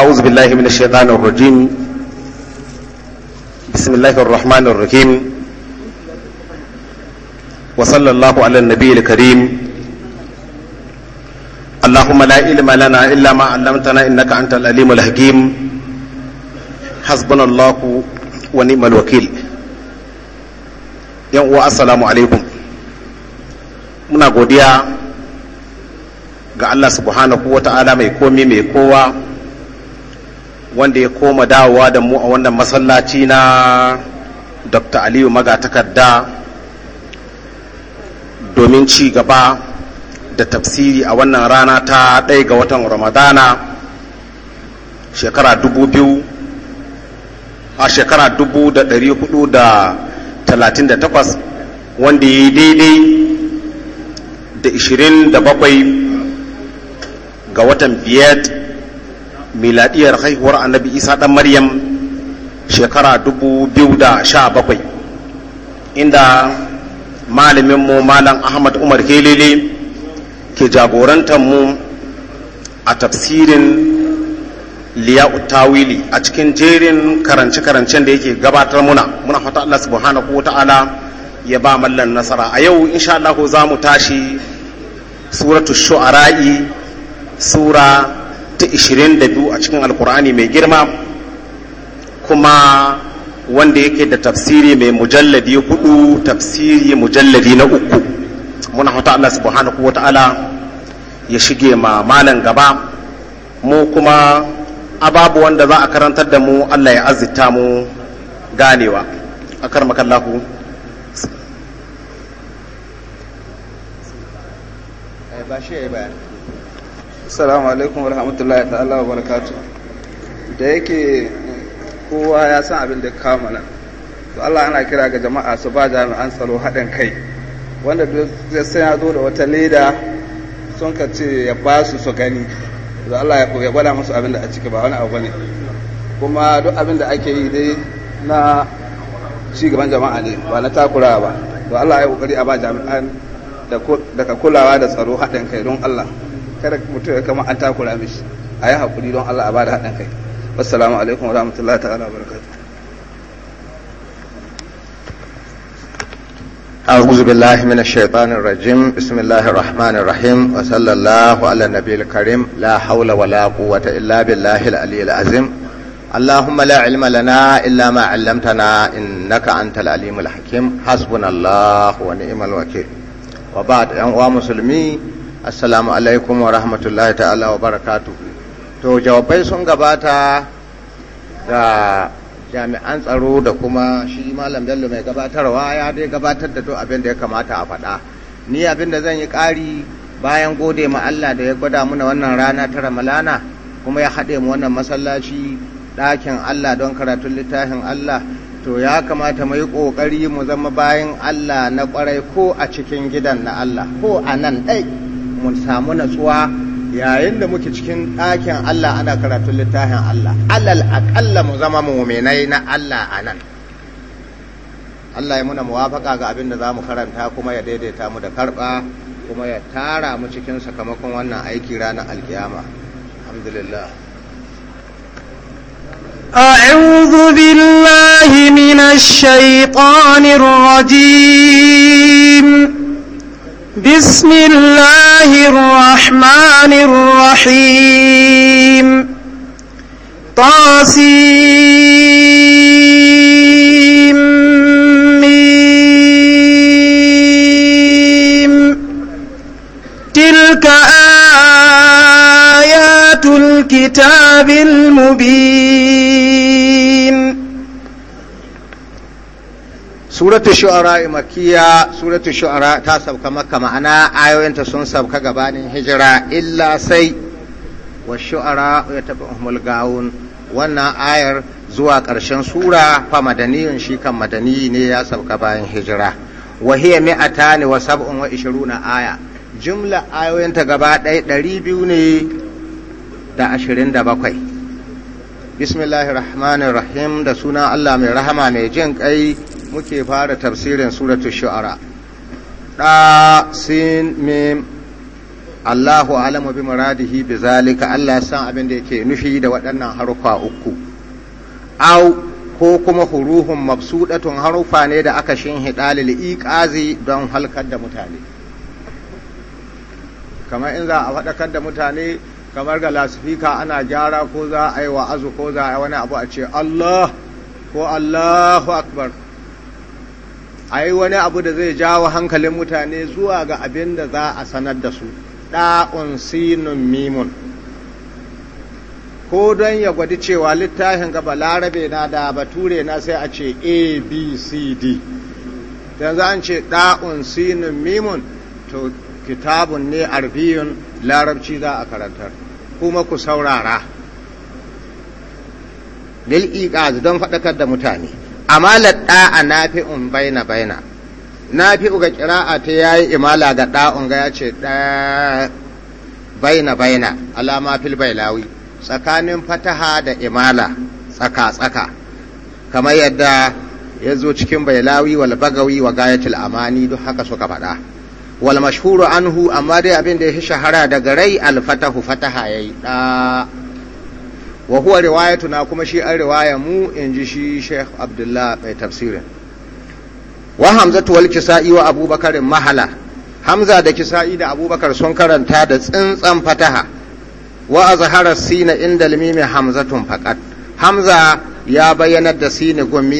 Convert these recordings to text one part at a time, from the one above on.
أعوذ بالله من الشيطان الرجيم بسم الله الرحمن الرحيم وصلى الله على النبي الكريم اللهم لا علم لنا إلا ما علمتنا إنك أنت الأليم الحكيم حسبنا الله ونعم الوكيل yan السلام عليكم من muna godiya ga Allah subhanahu wa ta'ala mai komi mai kowa wanda ya koma dawowa da mu a wannan masallaci na dr aliyu magatakarda domin ci gaba da tafsiri a wannan rana ta ɗaya ga watan ramadana shekara biyu a shekara takwas wanda ya yi daidai da 27 ga watan biyar miladiyar haihuwar annabi isa dan maryam shekara da sha bakwai inda malaminmu malam ahmad umar kelele ke jagorantar mu a tafsirin liya'u tawili a cikin jerin karance-karancen da yake gabatar muna muna fata Allah subhanahu ta'ala ya ba mallan nasara a yau insha Allah za mu tashi suratu shu'ara'i sura ta 22 a cikin alkur'ani mai girma kuma wanda yake da tafsiri mai mujalladi hudu tafsiri mujalladi na uku muna hota Allah subhanahu wa ta'ala ya shige ma malan gaba mu kuma ababu wanda za a karantar da mu Allah ya azita mu ganewa akar makallahu ba shi ya yi bayan assalamu alaikum wa rahmatullahi ta'ala wa barakatu da yake kowa ya san abin da kama nan to Allah ana kira ga jama'a su ba jami'an tsaro haɗin kai wanda duk sai ya zo da wata leda sun ka ce ya ba su su gani da Allah ya gwada musu abin da a ciki ba wani abu ne kuma duk abin da ake yi dai na ci gaban jama'a ne ba na takura ba to Allah ya kokari a ba jami'an daga kulawa da tsaro haɗin kai don Allah kada mutum ya kama an takura mishi a yi haƙuri don Allah a bada haɗin kai wassalamu alaikum wa rahmatullahi ta'ala barakatuh أعوذ بالله من الشيطان الرجيم بسم الله الرحمن الرحيم وصلى الله على النبي الكريم لا حول ولا قوة إلا بالله العلي العظيم اللهم لا علم لنا إلا ما علمتنا إنك أنت العليم الحكيم حسبنا الله ونعم الوكيل وبعد أنواع مسلمين assalamu alaikum wa rahmatullahi ta'ala wa barakatu to jawabai sun gabata ga jami'an tsaro da kuma shi malam bello mai gabatarwa ya dai gabatar da duk abin da ya kamata a faɗa ni abin da zan yi ƙari bayan gode ma Allah da ya gwada muna wannan rana ta ramalana kuma ya haɗe mu wannan masallaci ɗakin Allah don karatun littafin Allah to ya kamata mu yi ƙoƙari mu zama bayan Allah na ƙwarai ko a cikin gidan na Allah ko a nan ɗai mu samu natsuwa yayin da muke cikin ɗakin Allah ana karatun littafin Allah alal aƙalla mu zama muminai na Allah anan. Allah ya muna muwafaƙa ga abin da za mu karanta kuma ya daidaita mu da karɓa kuma ya tara mu cikin sakamakon wannan aiki ranar alkiyama alhamdulillah أعوذ بالله من الشيطان الرجيم بسم الله الرحمن الرحيم طاسيم تلك آيات الكتاب المبين suratu shu'ara makiya suratu shu'ara ta sabka maka ma'ana ayoyinta sun sabka gabanin hijira illa sai wa shu'ara ya taɓa mulgawun wannan ayar zuwa ƙarshen sura fa madaniyun shi kan madani ne ya sabka bayan hijira wa hiya mi'atani wa sab'un wa ishiruna aya jumla ayoyinta gaba ɗaya ɗari biyu ne da ashirin da bakwai bismillahir da suna allah mai rahama mai jin ƙai muke fara tafsirin suratu shu'ara da sin mim Allahu alamu bi muradihi bi zalika Allah san abin da yake nufi da waɗannan harufa uku au ko kuma huruhun mabsudatun harufa ne da aka shin hidalil iqazi don halkar da mutane kamar in za a faɗakar da mutane kamar ga lasifika ana gyara ko za a yi wa'azu ko za a yi wani abu a ce Allah ko Allahu akbar a yi wani abu da zai jawo hankalin mutane zuwa ga abin da za a sanar da su ɗa'un sinun mimun ko don ya gwadi cewa littafin gaba larabe na da bature na sai a ce abcd za a ce ɗa'un sinun mimun to kitabun ne arbiyun larabci za a karantar kuma ku saurara lil don faɗakar da mutane amalar da'a nafi'un baina baina nafi'u ga kira'a ta yayi imala ga da'un ga yace da baina baina alama fil bailawi tsakanin fataha da imala tsaka tsaka kamar yadda ya zo cikin bailawi wal bagawi wa gayatul amani duk haka suka faɗa wal mashhuru anhu amma dai abin da ya shahara daga rai al fatahu fataha yayi da wa huwa na kuma shi an riwaya mu in ji shi Sheikh Abdullah mai tafsirin wa Hamzatu wal Kisa'i wa Abubakar mahala Hamza da Kisa'i da Abubakar sun karanta da tsintsan fataha wa azhara sina inda limimi Hamzatun faqat Hamza ya bayyanar da sini gun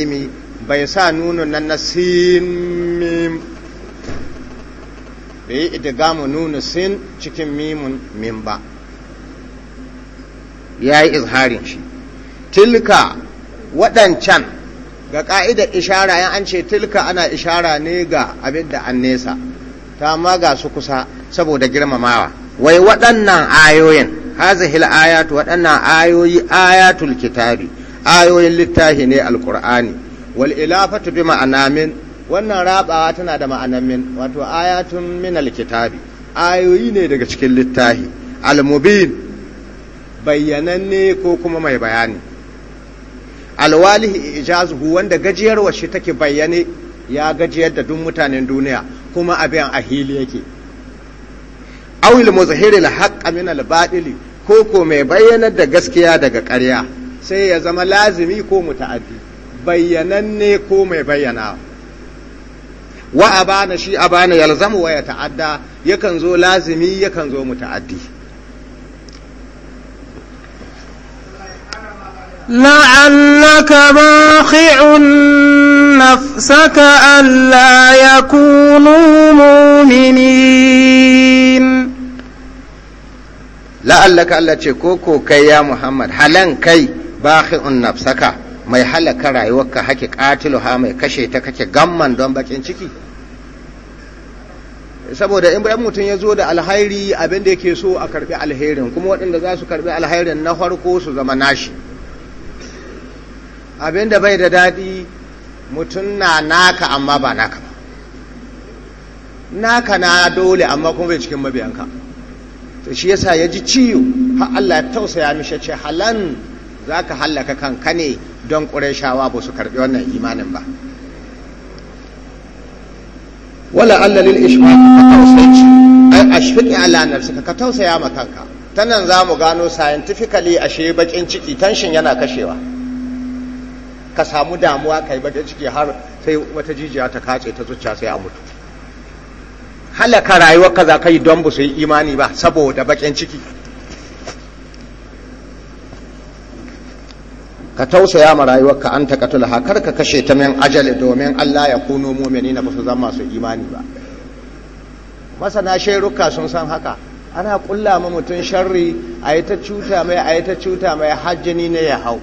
bai sa nunun nan na sin mim bai idgamu nunu sin cikin mimun mim ba ya yi izharin shi tilka waɗancan ga ƙa'idar ishara yan an ce tilka ana ishara ne ga abin da an nesa ta ma ga su kusa saboda girmamawa wai waɗannan ayoyin hazihil ayatu waɗannan ayoyi ayatul kitabi ayoyin littafi ne alkur'ani wal ilafatu bi ma'ana wannan rabawa tana da ma'anamin. min wato ayatun min alkitabi ayoyi ne daga cikin littafi almubin bayyananne ko kuma mai bayani alwalihi ijazuhu wanda gajiyarwa shi take bayyane ya gajiyar da duk mutanen duniya kuma abin a hili yake awil muzahiri al-haqqa min al ko ko mai bayyanar da gaskiya daga ƙarya sai ya zama lazimi ko muta'addi bayyananne ko mai bayyana wa abana shi abana yalzamu wa ya ta'adda yakan zo lazimi yakan zo muta'addi لعلك باخع نفسك ألا يكونوا مؤمنين لعلك ألا تشكوكو كي يا محمد حلن كي باخع نفسك mai halaka rayuwarka hake katiluha mai kashe ta kake gamman don bakin ciki saboda in bai mutum ya zo da alhairi abin da yake so a karbi alherin kuma waɗanda za su karbi alherin na farko su zama nashi abinda bai da daɗi mutum na naka amma ba naka ba naka na dole amma kuma bai cikin mabiyanka to shi yasa ya ji ciyo har Allah ya ya mishe ce halan za ka hallaka kanka ne don ƙurashawa ba su karɓi wannan imanin ba wala allalil ishma ka tausaici ai ashfiqi alanar suka ka tausaya ma kanka tanan za mu gano scientifically ashe bakin ciki tanshin yana kashewa ka samu damuwa ka yi baje ciki har sai wata jijiya ta kace ta zuciya sai a mutu halaka rayuwar ka za ka yi don ba su yi imani ba saboda bakin ciki ka tausaya ma rayuwarka an ta katula kar ka kashe ta min ajali domin Allah ya kuno mu'minina na su zama su imani ba masana sheruka sun san haka ana kulla ma mutum sharri a yi ta cuta mai a yi ta cuta mai hajjini ne ya hau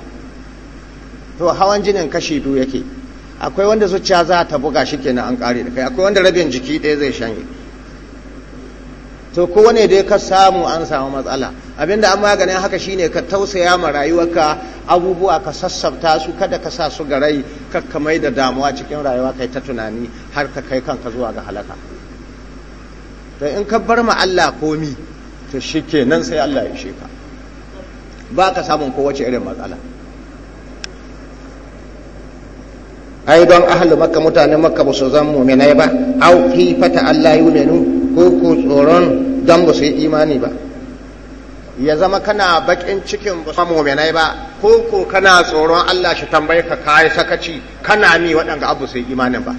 to hawan jinin kashi biyu yake akwai wanda zuciya za ta buga shi kenan an kare da kai akwai wanda rabin jiki ɗaya zai shanye to kowane da ka samu an samu matsala abinda an maganin haka shine ka tausaya ma rayuwarka abubuwa ka sassafta su kada ka sa su ga rai kakka mai da damuwa cikin rayuwa kai ta tunani har ka kai kanka zuwa ga halaka to in ka bar ma Allah komi to shikenan sai Allah ya sheka ba ka samun kowace irin matsala ai don ahalu makka mutanen makka ba su zan muminai ba au fata Allah yuminu ko ko tsoron don ba su yi imani ba ya zama kana bakin cikin ba su muminai ba ko ko kana tsoron Allah shi tambaye ka kai sakaci kana mi waɗanda abu su yi imanin ba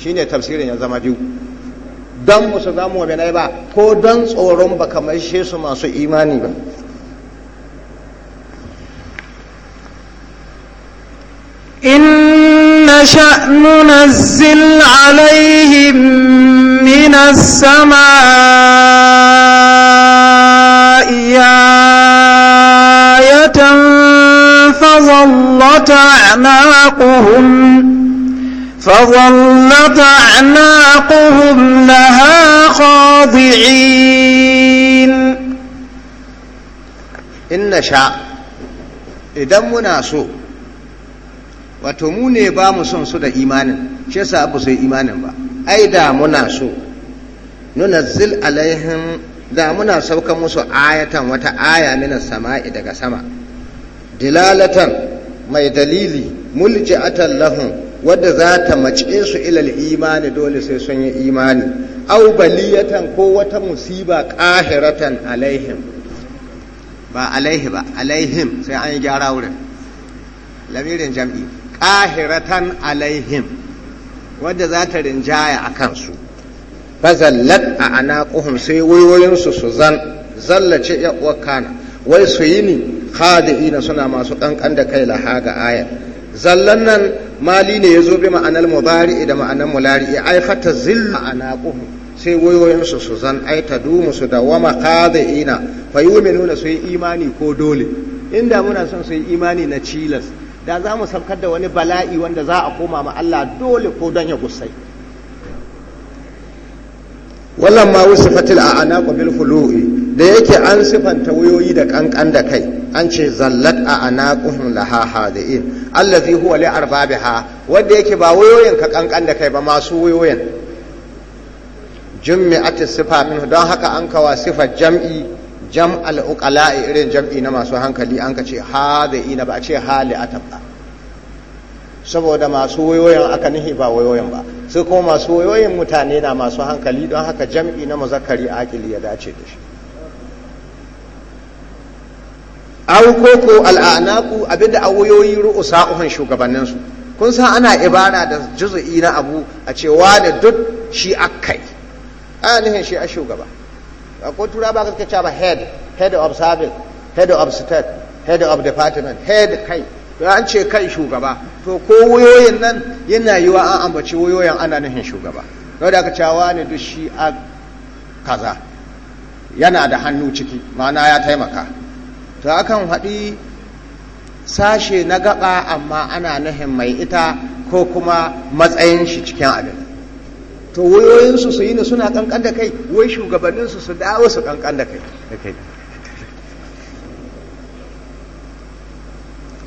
shine tafsirin ya zama biyu don ba su zan muminai ba ko don tsoron ba kamar shi su masu imani ba in نشأ ننزل عليهم من السماء آية فظلت أعناقهم فظلت أعناقهم لها خاضعين إن شاء إذا منا wato mu ne ba mu son su da imanin shi yasa abu sai imanin ba ai da muna so zil alaihim da muna sauka musu ayatan wata aya mina sama'i daga sama dilalatan mai dalili mulki lahum wadda za ta mace su ilal imani dole sai sun yi imani au baliyatan ko wata musiba ƙahiratan alaihim ba alaihi ba alaihim sai an yi gyara wurin lamirin jam'i qahiratan alaihim wadda za ta rinjaya a kansu fazallat a anaquhum sai wayoyinsu su zan zallace ya wakana wai su yi ni khadi'ina suna masu kankan da kai lahaga ga ayar zallan nan mali ne ya zo bi ma'anar mudari da ma'anar mulari ai fata zilla anaquhum sai wayoyinsu su zan ai ta dumu su da wama khadi'ina fa nuna su yi imani ko dole inda muna son su yi imani na cilas da za mu saukar da wani bala'i wanda za a koma ma Allah dole ko don ya gusai Wannan ma wasu fatil a ana bil fulu'i da yake an sifanta wayoyi da kankan da kai an ce zallat a ana da laha Allah allazi huwa li arbabiha wanda yake ba wayoyin ka kankan da kai ba masu wayoyin jummi'atis sifa min don haka an kawa sifar jam'i jam'al al'uƙala'i irin jam'i na masu hankali an ka ce ha ina ba a ce hali a ba saboda masu wayoyin aka nihi ba wayoyin ba sai kuma masu wayoyin mutane na masu hankali don haka jam'i na mazakari akili ya dace da shi ko ko al'anaku abinda a wayoyi ru'usa uhun shugabanninsu kun san ana ibara da jizu'i na abu a cewa da duk shi akai a nihin shi a shugaba akwai tura ba ka ce ba head head of service head of state head of department head kai to an ce kai shugaba to ko wayoyin nan yana yiwa an ambaci wayoyin ana nufin shugaba to da aka cewa ne duk shi a kaza yana da hannu ciki ma'ana ya taimaka to akan haɗi sashe na gaba amma ana nufin mai ita ko kuma matsayin shi cikin abin to wayoyinsu su yi ne suna kankan da kai wai shugabanninsu su dawo su kankan da kai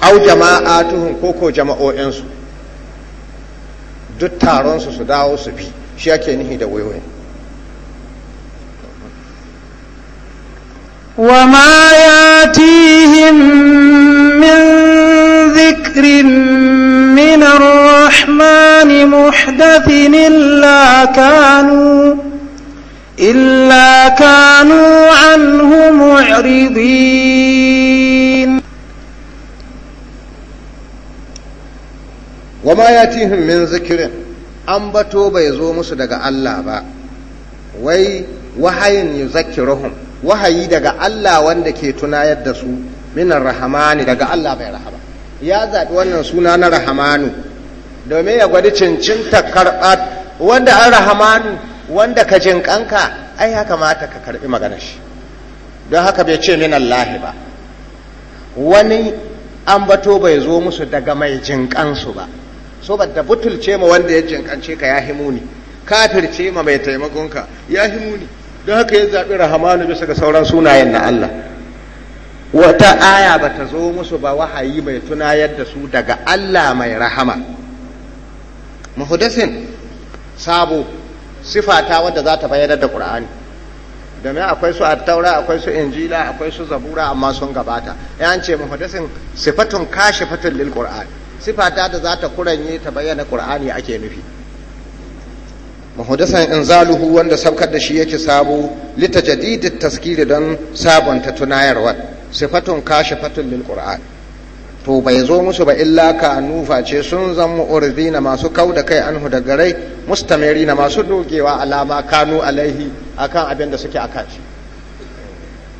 au jama'a tuhun koko jama'o'insu duk taronsu su dawo su bi shi ake nihi da wayoyin وما ياتيهم من ذكر من الرحمن محدث إلا كانوا إلا كانوا عنه معرضين وما يأتيهم من ذكر ambato bai zo musu daga Allah ba wai wahayin yuzakkirahum wahayi daga Allah wanda ke tunayar da su minar rahamani daga Allah bai rahama ya zaɓi wannan suna na rahamanu domin ya gwada cincinta karɓar wanda an rahamanu wanda ka jinƙanka ai ya kamata ka karɓi maganar shi don haka bai ce min Allah ba wani ambato bai zo musu daga mai jinƙansu ba saboda ce ma wanda ya jinƙance ka ya kafir ce ma mai taimakonka ya himuni don haka ya zaɓi rahamanu bisa ga sauran sunayen na Allah wata aya ba ta zo musu ba wahayi mai tunayar da su daga Allah mai rahama muhudasin sabo sifata wadda za ta bayyana da ƙur'ani domin akwai su attaura akwai su injila akwai su zabura amma sun gabata yan ce muhudasin sifatun kashi fatun lil ƙur'ani sifata da za ta kuranye ta bayyana ƙur'ani ake nufi muhudasan inzaluhu wanda sabkar da shi yake sabo litajadidit taskiri don sabonta tunayarwar sifatun fatun lil qur'an to bai zo musu ba illa ka nufa ce sun zan na masu kau da kai anhu da garai na masu dogewa alama kanu alaihi akan abin da suke akan shi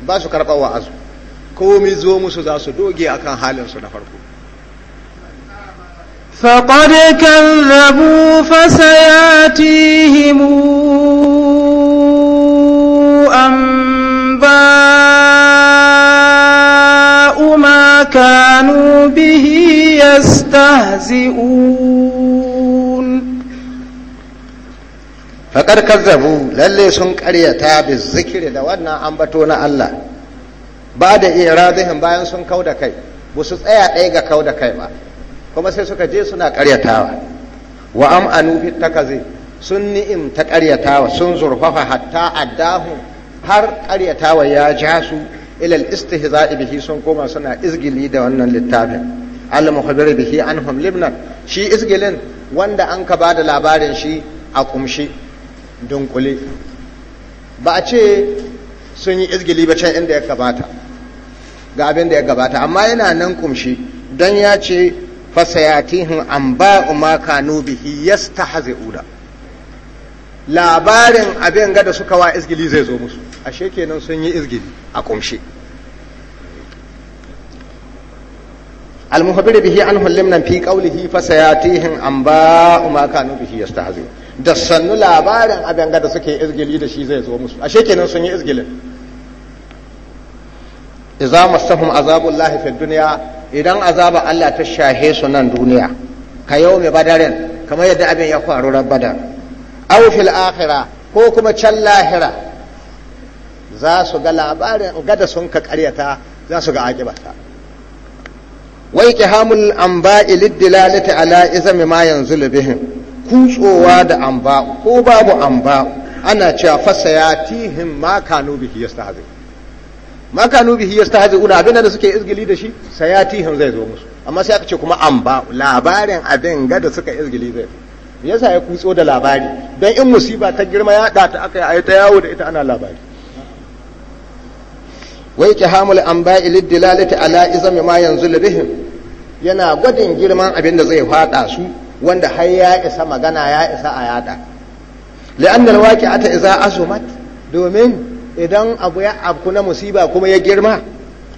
ba su karɓar wa'azu komi zo musu za su doge akan halinsu na farko فقد كذبوا فسياتيهم أنباء كانوا به يستهزئون lalle sun ƙaryata bi zikiri da wannan bato na Allah ba da irazihin bayan sun kau da kai ba su tsaya ɗaya ga kau da kai ba kuma sai suka je suna ƙaryatawa wa am anufi takazi sun ni'im ta ƙaryatawa sun zurfafa hatta addahu har karyatawa ya ja su ilal istihza'i bihi sun koma suna izgili da wannan littafin al muhabbir bihi anhum libnan shi izgilin wanda an ka bada labarin shi a kumshi dunkule ba a ce sun yi izgili ba can inda ya gabata ga abin da ya gabata amma yana nan kumshi don ya ce fasayatihin an ba ma kanu bihi yastahzi'una labarin abin ga da suka wa izgili zai zo musu ashe kenan sun yi izgili a kumshe المخبر به عنه لمنا في قوله فسياتيهم انباء ما كانوا به يستهزئون da sannu labarin abin da suke izgili da shi zai zo musu ashe kenan sun yi izgilin idza masahum azabul lahi fid dunya idan azaba Allah ta shahe su nan duniya ka mai badarin kamar yadda abin ya faru rabbada aw fil akhirah ko kuma can lahira za su ga labarin gada sun ka karyata za su ga akibata wai kihamul anba'i liddilalati ala izami ma yanzu bihim kutsowa da amba ko babu amba ana cewa fasa ya tihim ma kanu ta yastahzi ma kanu bihi yastahzi una abin da suke izgili da shi sayatihim zai zo musu amma sai aka ce kuma amba labarin abin gada suka izgili zai zo yasa ya kutso da labari dan in musiba ta girma ya da ta aka yi ta yawo da ita ana labari wai tihamul anba'i lidilalati ala izami ma yanzu bihim yana gwadin girman abin da zai fada su wanda har ya isa magana ya isa a yada li'anna alwaqi'ata idza asumat domin idan abu ya abku na musiba kuma ya girma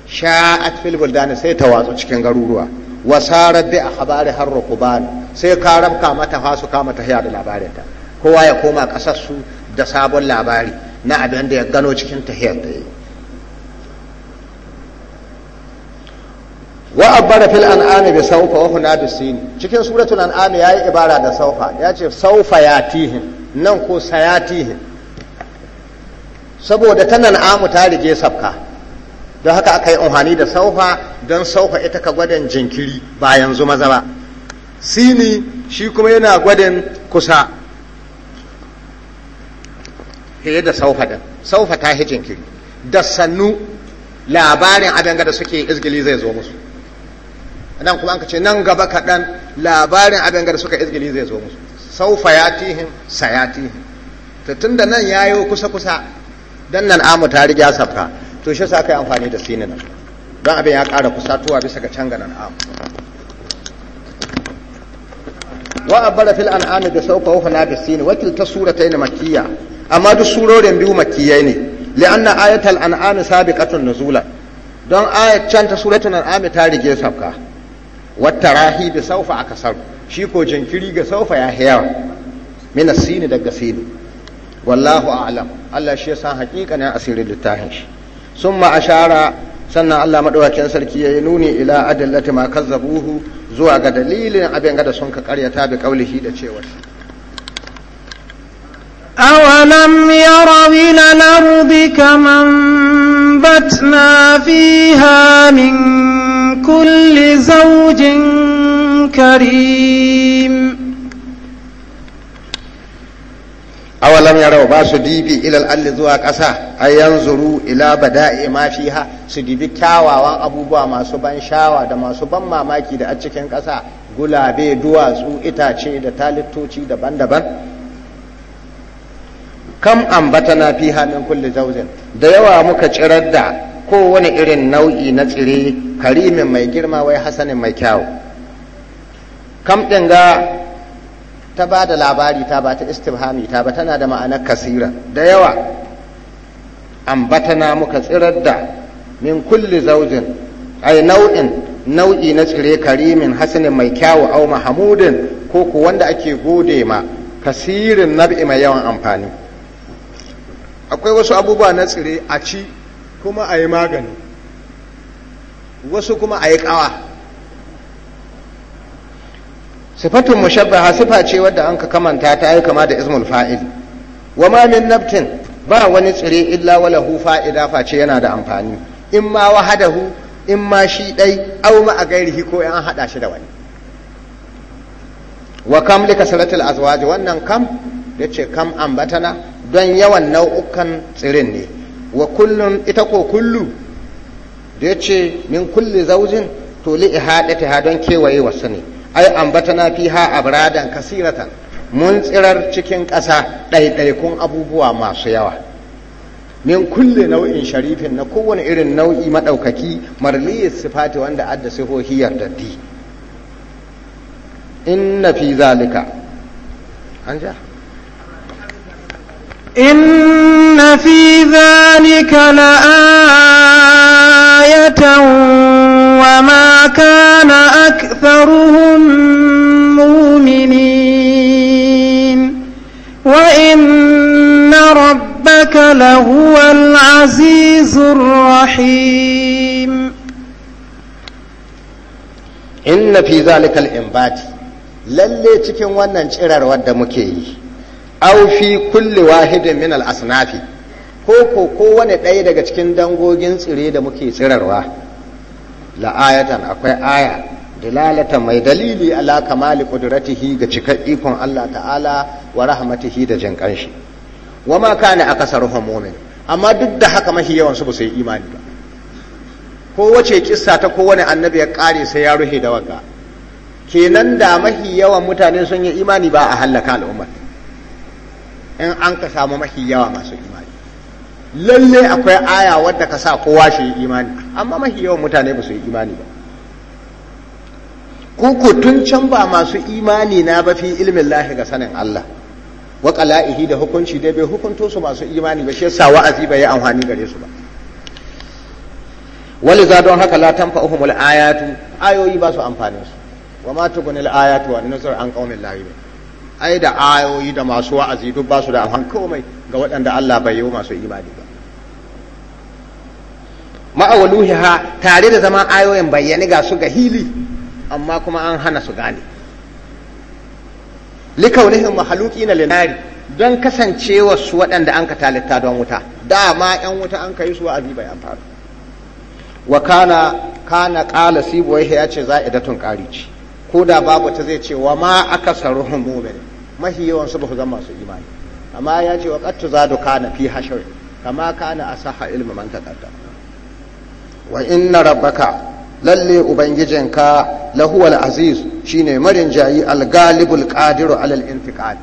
sha'at fil buldani sai ta watsu cikin garuruwa wasarar da a habari har rukuban sai ka rabka mata fasu kama ta da labarinta kowa ya koma kasarsu da sabon labari na abin da ya gano cikin tahiyar da yi wa abara fil an'ami bi sawfa wa huna bi sin cikin suratul an'ami yayi ibara da sawfa yace sawfa yatihim nan ko sayatihim saboda ta an'amu ta rige safka don haka aka yi unhani da saufa don saufa ita ka gwadan jinkiri ba yanzu maza ba sini shi kuma yana gwadan kusa fiye da saufa da saufa ta yi jinkiri da sannu labarin adanga da suke izgili zai zo musu nan kuma an ka ce nan gaba kaɗan labarin abin da suka izgili zai zo musu saufa yatihim sayatihim to tun da nan yayo kusa kusa don nan amu ta riga safka to shi sa kai amfani da sini nan don abin ya ƙara kusa, tuwa bisa ga can ganin amu wa abara fil an'ami da kawo wa da sini wakil ta suratayn makiyya. amma duk surorin biyu makiyyai ne li'anna ayatal an'ami sabiqatun nuzula don ayat can ta suratul an'ami ta rige safka wattarahi da saufa a sar shi ko jinkiri ga saufa ya hayar min asini daga sini wallahu a'lam Allah shi yasa hakikanin asirin littafin shi summa ashara sannan Allah madaukakin sarki ya yi nuni ila adallati ma kazzabuhu zuwa ga dalilin abin da sun ka karyata bi kaulihi da cewa أولم na na rubi وأنبتنا فيها kulli zaujin زوج كريم awalam yarau ba su dibi ilal alli zuwa ƙasa a yanzuru ila bada'i ma fiha su dibi kyawawan abubuwa masu ban shawa da masu ban mamaki da a cikin ƙasa gulabe duwatsu itace da talittoci daban-daban kam ambatana fi min kulli zaujin da yawa muka cirar da kowane irin nau'i na tsire karimin mai girma wai hasanin mai kyau kam ɗin ga ta ba da labari ta ba ta istifhami ta ba tana da ma'anar kasira da yawa ambatana muka tsirar da min kulli zaujin ai nau'in nau'i na tsire karimin hasanin mai kyau au mahamudin ko ku ake gode ma kasirin nab'i mai yawan amfani akwai wasu abubuwa na tsire a ci kuma a yi magani wasu kuma a yi ƙawa sifatun mushabbaha sifa ce wadda an ka kamanta ta yi kama da izmul fa'il wa ma naftin ba wani tsire illa wa walahu fa'ida face yana da amfani in ma wahadahu in ma shi ɗai au ma a gairihi ko an haɗa shi da wani wa kam lika salatul azwaj wannan kam yace kam ambatana don yawan nau'ukan tsirin ne wa kullum ita ko kullu da ya ce min kulli zaujin to li ta don kewaye wasu ne ai ambatana ha abradan kasiratan mun tsirar cikin ƙasa ɗaiɗaikun abubuwa masu yawa min kulle nau'in sharifin na kowane irin nau'i maɗaukaki marliyar sifati wanda adda sihohi yardaddi na fi zalika an ja إن في ذلك لآية وما كان أكثرهم مؤمنين وإن ربك لهو العزيز الرحيم إن في ذلك الإنبات lalle cikin wannan cirar wadda muke yi aw fi kulli wahidin min al asnafi ko ko kowane ɗaya daga cikin dangogin tsire da muke tsirarwa la ayatan akwai aya dalalata mai dalili ala kamali qudratihi ga cikar ikon Allah ta'ala wa rahmatihi da jin kanshi wa ma kana akasaruhu mu'min amma duk da haka mahi yawan su sai yi imani ba ko wace kissa ta kowane annabi ya kare sai ya ruhe da wanka. kenan da mahi yawan mutane sun yi imani ba a hallaka al'ummar in an ka samu mafi yawa masu imani lalle akwai aya wadda ka sa kowa shi yi imani amma mafi yawan mutane ba su yi imani ba ko tun can ba masu imani na ba fi ilmin lahi ga sanin Allah wa qala'ihi da hukunci dai bai hukunto su masu imani ba shi yasa wa'azi bai yi amfani gare su ba waliza don haka la tanfa'uhumul ayatu ayoyi ba su amfani su wa ma tugunil ayatu wa nusur an qaumin lahi ai da ayoyi da masu wa'azi duk ba su da alhan komai ga waɗanda Allah bai yi masu imani ba ha tare da zama ayoyin bayyane ga su ga hili amma kuma an hana su gane likaunihin mahaluki na linari don kasancewa su waɗanda an ka talitta don wuta dama yan wuta an ka yi su wa'azi bai amfani wa kana kana ƙala sibuwa ya ce za'idatun ƙari ce ko da babu ta zai ce wa ma aka saruhun mumin mahi yawan su ba zama masu imani amma ya ce wa za zadu kana fi hashar kama kana a saha ilmi man taqaddama wa inna rabbaka lalle ubangijinka lahuwal aziz shine marin jayi algalibul qadiru alal intiqal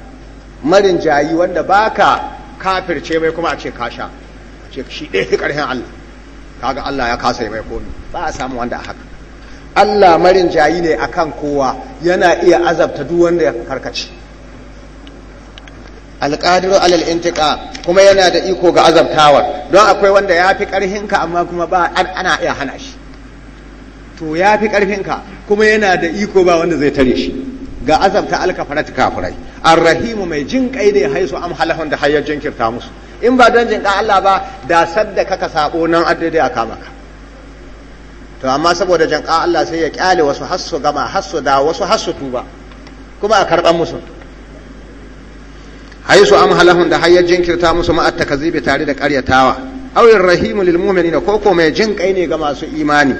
marin jayi wanda baka kafirce mai kuma a ce kasha a ce shi ɗaya karhin Allah kaga Allah ya kasa mai komi ba a samu wanda a haka Allah marin jayi ne akan kowa yana iya azabta duk wanda ya karkace alƙadiru alal intiqa kuma yana da iko ga azabtawar don akwai wanda ya fi ƙarfinka amma kuma ba ana iya hana shi to ya fi ƙarfinka kuma yana da iko ba wanda zai tare shi ga azabta alkafarat kafirai arrahimu mai jin kai da ya haisu am halahun da hayyar jinkirta musu in ba don jin Allah ba da sadda kaka sabo nan addade a kama to amma saboda jin Allah sai ya kyale wasu hassu gama hassu da wasu hassu tuba kuma a karban musu haisu am halahun da hayyar jinkirta musu ma'a takazibi tare da karyatawa awin rahimu lil mu'minina ko ko mai jin kai ne ga masu imani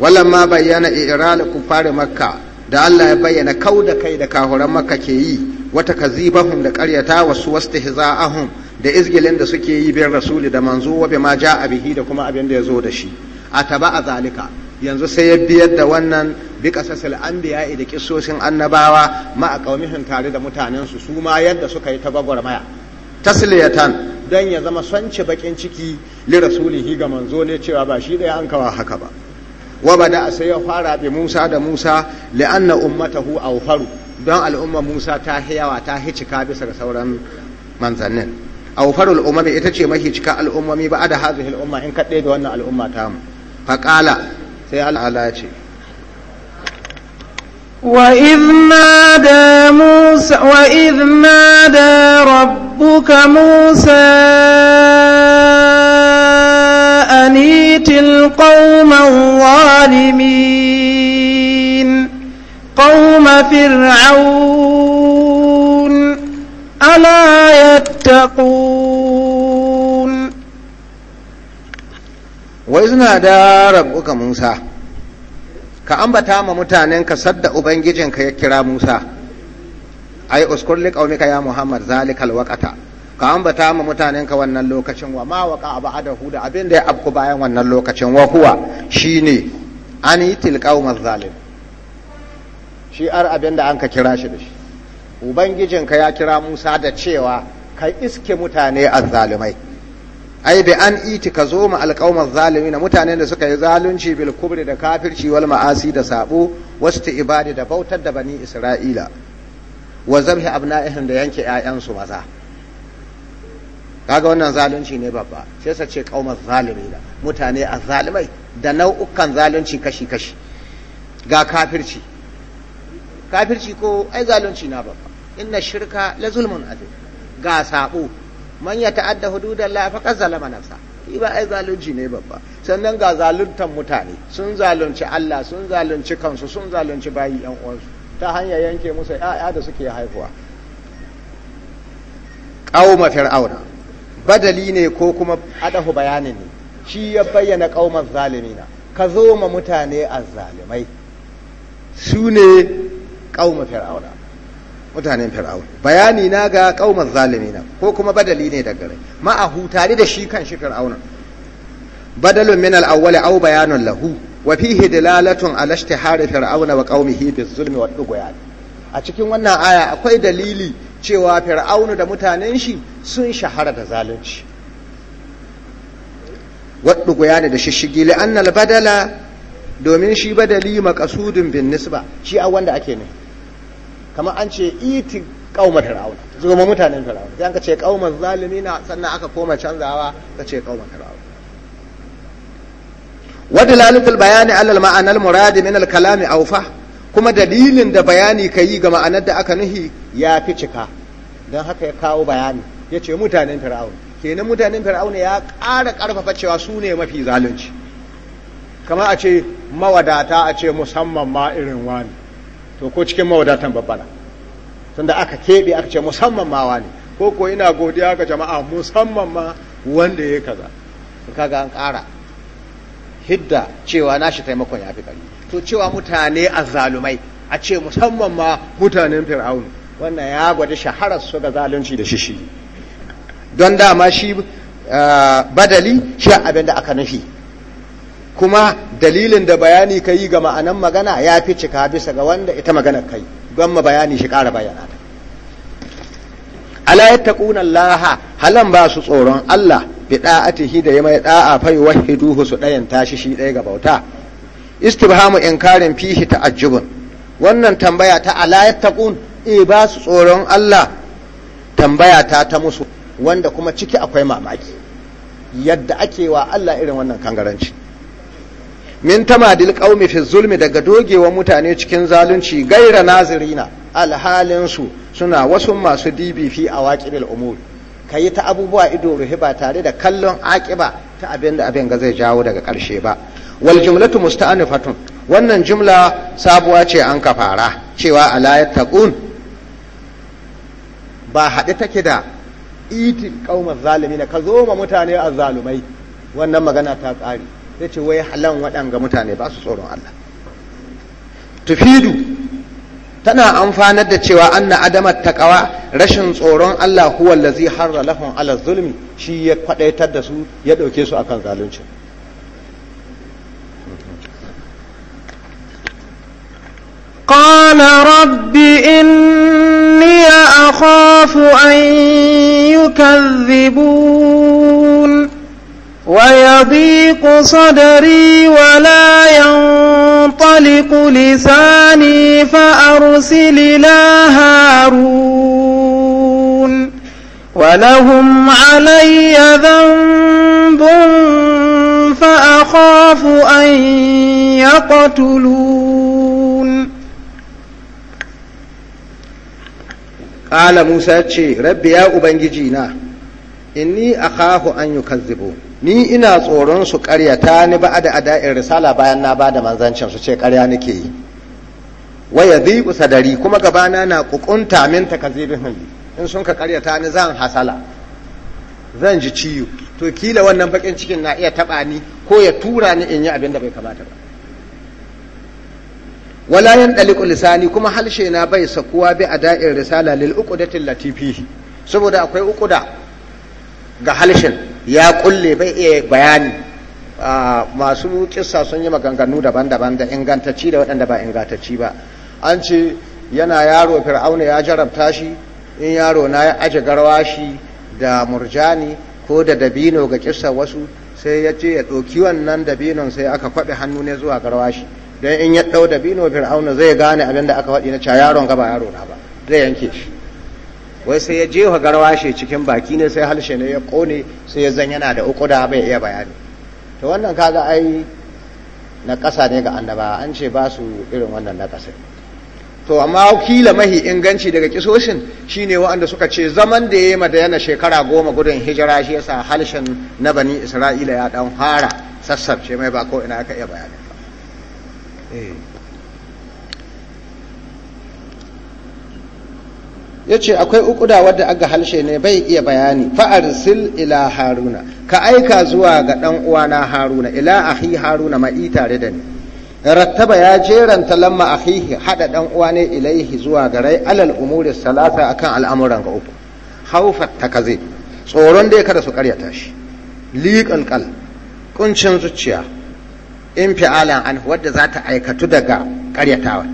wallan ma bayyana iral kufar makka da Allah ya bayyana kau da kai da kahuran makka ke yi wata kazibahum da karyata wasu wastihza'ahum da izgilin da suke yi bin rasuli da manzo wa ma ja'a bihi da kuma abin da ya zo da shi ataba a zalika yanzu sai ya biyar da wannan bi an biya da kisoshin annabawa ma a kaumihin tare da mutanensu su ma yadda suka yi ta gwagwarmaya tasliyatan don ya zama sonce bakin ciki li rasulihi ga manzo ne cewa ba shi da an kawa haka ba wa bada sai ya fara bi Musa da Musa li anna ummatahu awfaru don al'ummar Musa ta hiyawa ta hicika bisa ga sauran manzannin awfarul umami ita ce mahicika cika mi ba da hazihi al'umma in kaɗai da wannan al'umma ta mu faqala فعل Allah وإذ نادى موسى وإذ نادى ربك موسى أنيت القوم الظالمين قوم فرعون ألا يتقون wai suna da rabuka musa ka ambata ma mutanenka sadda ubangijinka ya kira musa ai uskur li qaumika ya muhammad zalikal waqata ka ambata ma mutanenka wannan lokacin wa ma waqa ba'dahu da abin da ya abku bayan wannan lokacin wa huwa shine an yitil qaumaz zalim shi ar abin da an ka kira shi da shi ubangijinka ya kira musa da cewa kai iske mutane azzalimai ai bi an iti ka zo ma alƙawmar zalimi na mutanen da suka yi zalunci bil kubri da kafirci wal ma'asi da sabo wasu ta ibadi da bautar da bani isra'ila wa zabhi abna'ihim da yanke ƴaƴansu maza kaga wannan zalunci ne babba sai sa ce kaumar zalimi na mutane a zalimai da nau'ukan zalunci kashi kashi ga kafirci kafirci ko ai zalunci na babba inna shirka la zulmun azim ga sabo man ya ta'adda Allah fa zalama nafsa shi ba ai zalunci ne babba sannan ga zaluntan mutane sun zalunci Allah sun zalunci kansu sun zalunci bayi yan uwansu ta hanyar yanke musu ya'ya da suke haihuwa qauma fir'auna badali ne ko kuma adahu bayanin ne shi ya bayyana qaumaz zalimina ka zo ma mutane azzalimai su ne qauma fir'auna mutanen fir'aun bayani na ga zalimi na ko kuma badali ne daga rai ma'ahu tare da shi kan shi fir'auna badalun min al au aw bayanun lahu wa fihi dalalatun ala ishtihari fir'auna wa qaumihi biz-zulmi wad a cikin wannan aya akwai dalili cewa fir'aunu da mutanen shi sun shahara da zalunci wadduguya ne da shishigi li'anna al-badala domin shi badali maqasudun bin nisba shi a wanda ake ne kamar an ce iti kauma fir'auna zuwa mutanen fir'auna sai ka ce zalimi na sannan aka koma canzawa ka ce kauman fir'auna ودلالة البيان allal ma'anar المراد al-kalami aufa, kuma dalilin da bayani ka yi ga ma'anar da aka nuhi ya fi cika don haka ya kawo bayani ya ce mutanen fir'auna kenan mutanen fir'auna ya ƙara ƙarfafa cewa su ne mafi zalunci kamar a ce mawadata a ce musamman ma irin wani to ko cikin mawadatan babbala, tunda aka keɓe aka ce musamman ma wani ko ko ina godiya ga jama'a musamman ma wanda ya kaza Ka ga an ƙara hidda cewa nashi taimakon ya fi ƙarfi to cewa mutane azzalumai a ce musamman ma mutanen fir'aunu wannan ya gwada shaharar su ga zalunci da shishi don dama shi eh, badali shi abinda aka nufi kuma dalilin da bayani ka yi ga ma'anan magana ya fi cika bisa ga wanda ita magana kai don ma bayani shi ƙara bayyana ta ala yattaquna Laha, halan ba su tsoron Allah bi da'atihi da mai da'a fa duhu su ɗayan tashi shi ɗaya ga bauta istibhamu inkarin fihi ta'ajjubun wannan tambaya ta ala ƙun e eh, ba su tsoron Allah tambaya ta ta musu wanda kuma ciki akwai mamaki yadda ake wa Allah irin wannan kangaranci min tamadil qaumi fi zulmi daga dogewa mutane cikin zalunci gaira nazirina alhalin su suna wasu masu dibi fi awaqibil umur kayi ta abubuwa ido ruhiba ba tare da kallon aqiba ta abin abin ga zai jawo daga karshe ba wal jumlatu musta'anifatun wannan jumla sabuwa ce an kafara cewa ala yattaqun ba haɗe take da itin qaumaz zalimin ka zo ma mutane zalumai wannan magana ta tsari. ya ce wai halan waɗanga mutane ba su tsoron Allah tufidu tana amfanar da cewa na adama taƙawa rashin tsoron Allah huwa allazi harra lahum ala zulmi shi ya kwaɗaitar da su ya ɗauke su akan zalunci in niya a أخاف أن zibun. ويضيق صدري ولا ينطلق لساني فأرسل إلى هارون ولهم علي ذنب فأخاف أن يقتلون قال موسى ربي يا أبنجينا إني أخاف أن يكذبون ni ina tsoron su karyata ni ba da ada'in risala bayan na ba da manzancin su ce karya nake yi waya zai sadari kuma gabana na kukunta min takazibihim in sun ka karyata ni zan hasala zan ji ciwo to kila wannan bakin cikin na iya taba ni ko ya tura ni in yi abin da bai kamata ba wala yan daliku lisani kuma halshe na bai sakuwa bi ada'in risala lil uqdatil latifi saboda akwai uquda ga halshin. ya kulle bai iya bayani masu kisa sun yi maganganu daban-daban da ingantacci da waɗanda ba ingantacci ba an ce yana yaro fir'auna ya jarabta shi in yaro na ya aje garwa shi da murjani ko da dabino ga kissa wasu sai ya ce ya ɗauki wannan dabinon sai aka kwaɓe hannu ne zuwa garwa shi don in ya ɗau dabino fir'auna zai gane abin da aka faɗi na ca yaron gaba yaro na ba zai yanke shi wai sai ya jefa garwashe cikin baki ne sai halshe ne ya kone sai ya zan yana da uku ukuda bai iya bayani to wannan kaga ai na ƙasa ne ga annaba an ce ba su irin wannan na ƙasa to amma kila mahi inganci daga kisoshin shine waɗanda suka ce zaman da ya yi madayana shekara goma gudun hijira shi yasa halshen na bani isra'ila ya ɗan fara sassabce mai ba ko ina aka iya bayanin ba ya ce akwai ukuda wadda aka halshe ne bai iya bayani fa'arsil ila haruna ka aika zuwa ga ɗan uwana haruna ila ahi haruna ma'i tare da ni rattaba ya jeranta lamma ahihi haɗa ɗan uwa ne ilaihi zuwa ga rai alal umuri salasa akan al'amuran ga uku ta kaze tsoron dai kada su karyata shi liƙalƙal kuncin zuciya in fi'alan an wadda za ta aikatu daga karyatawa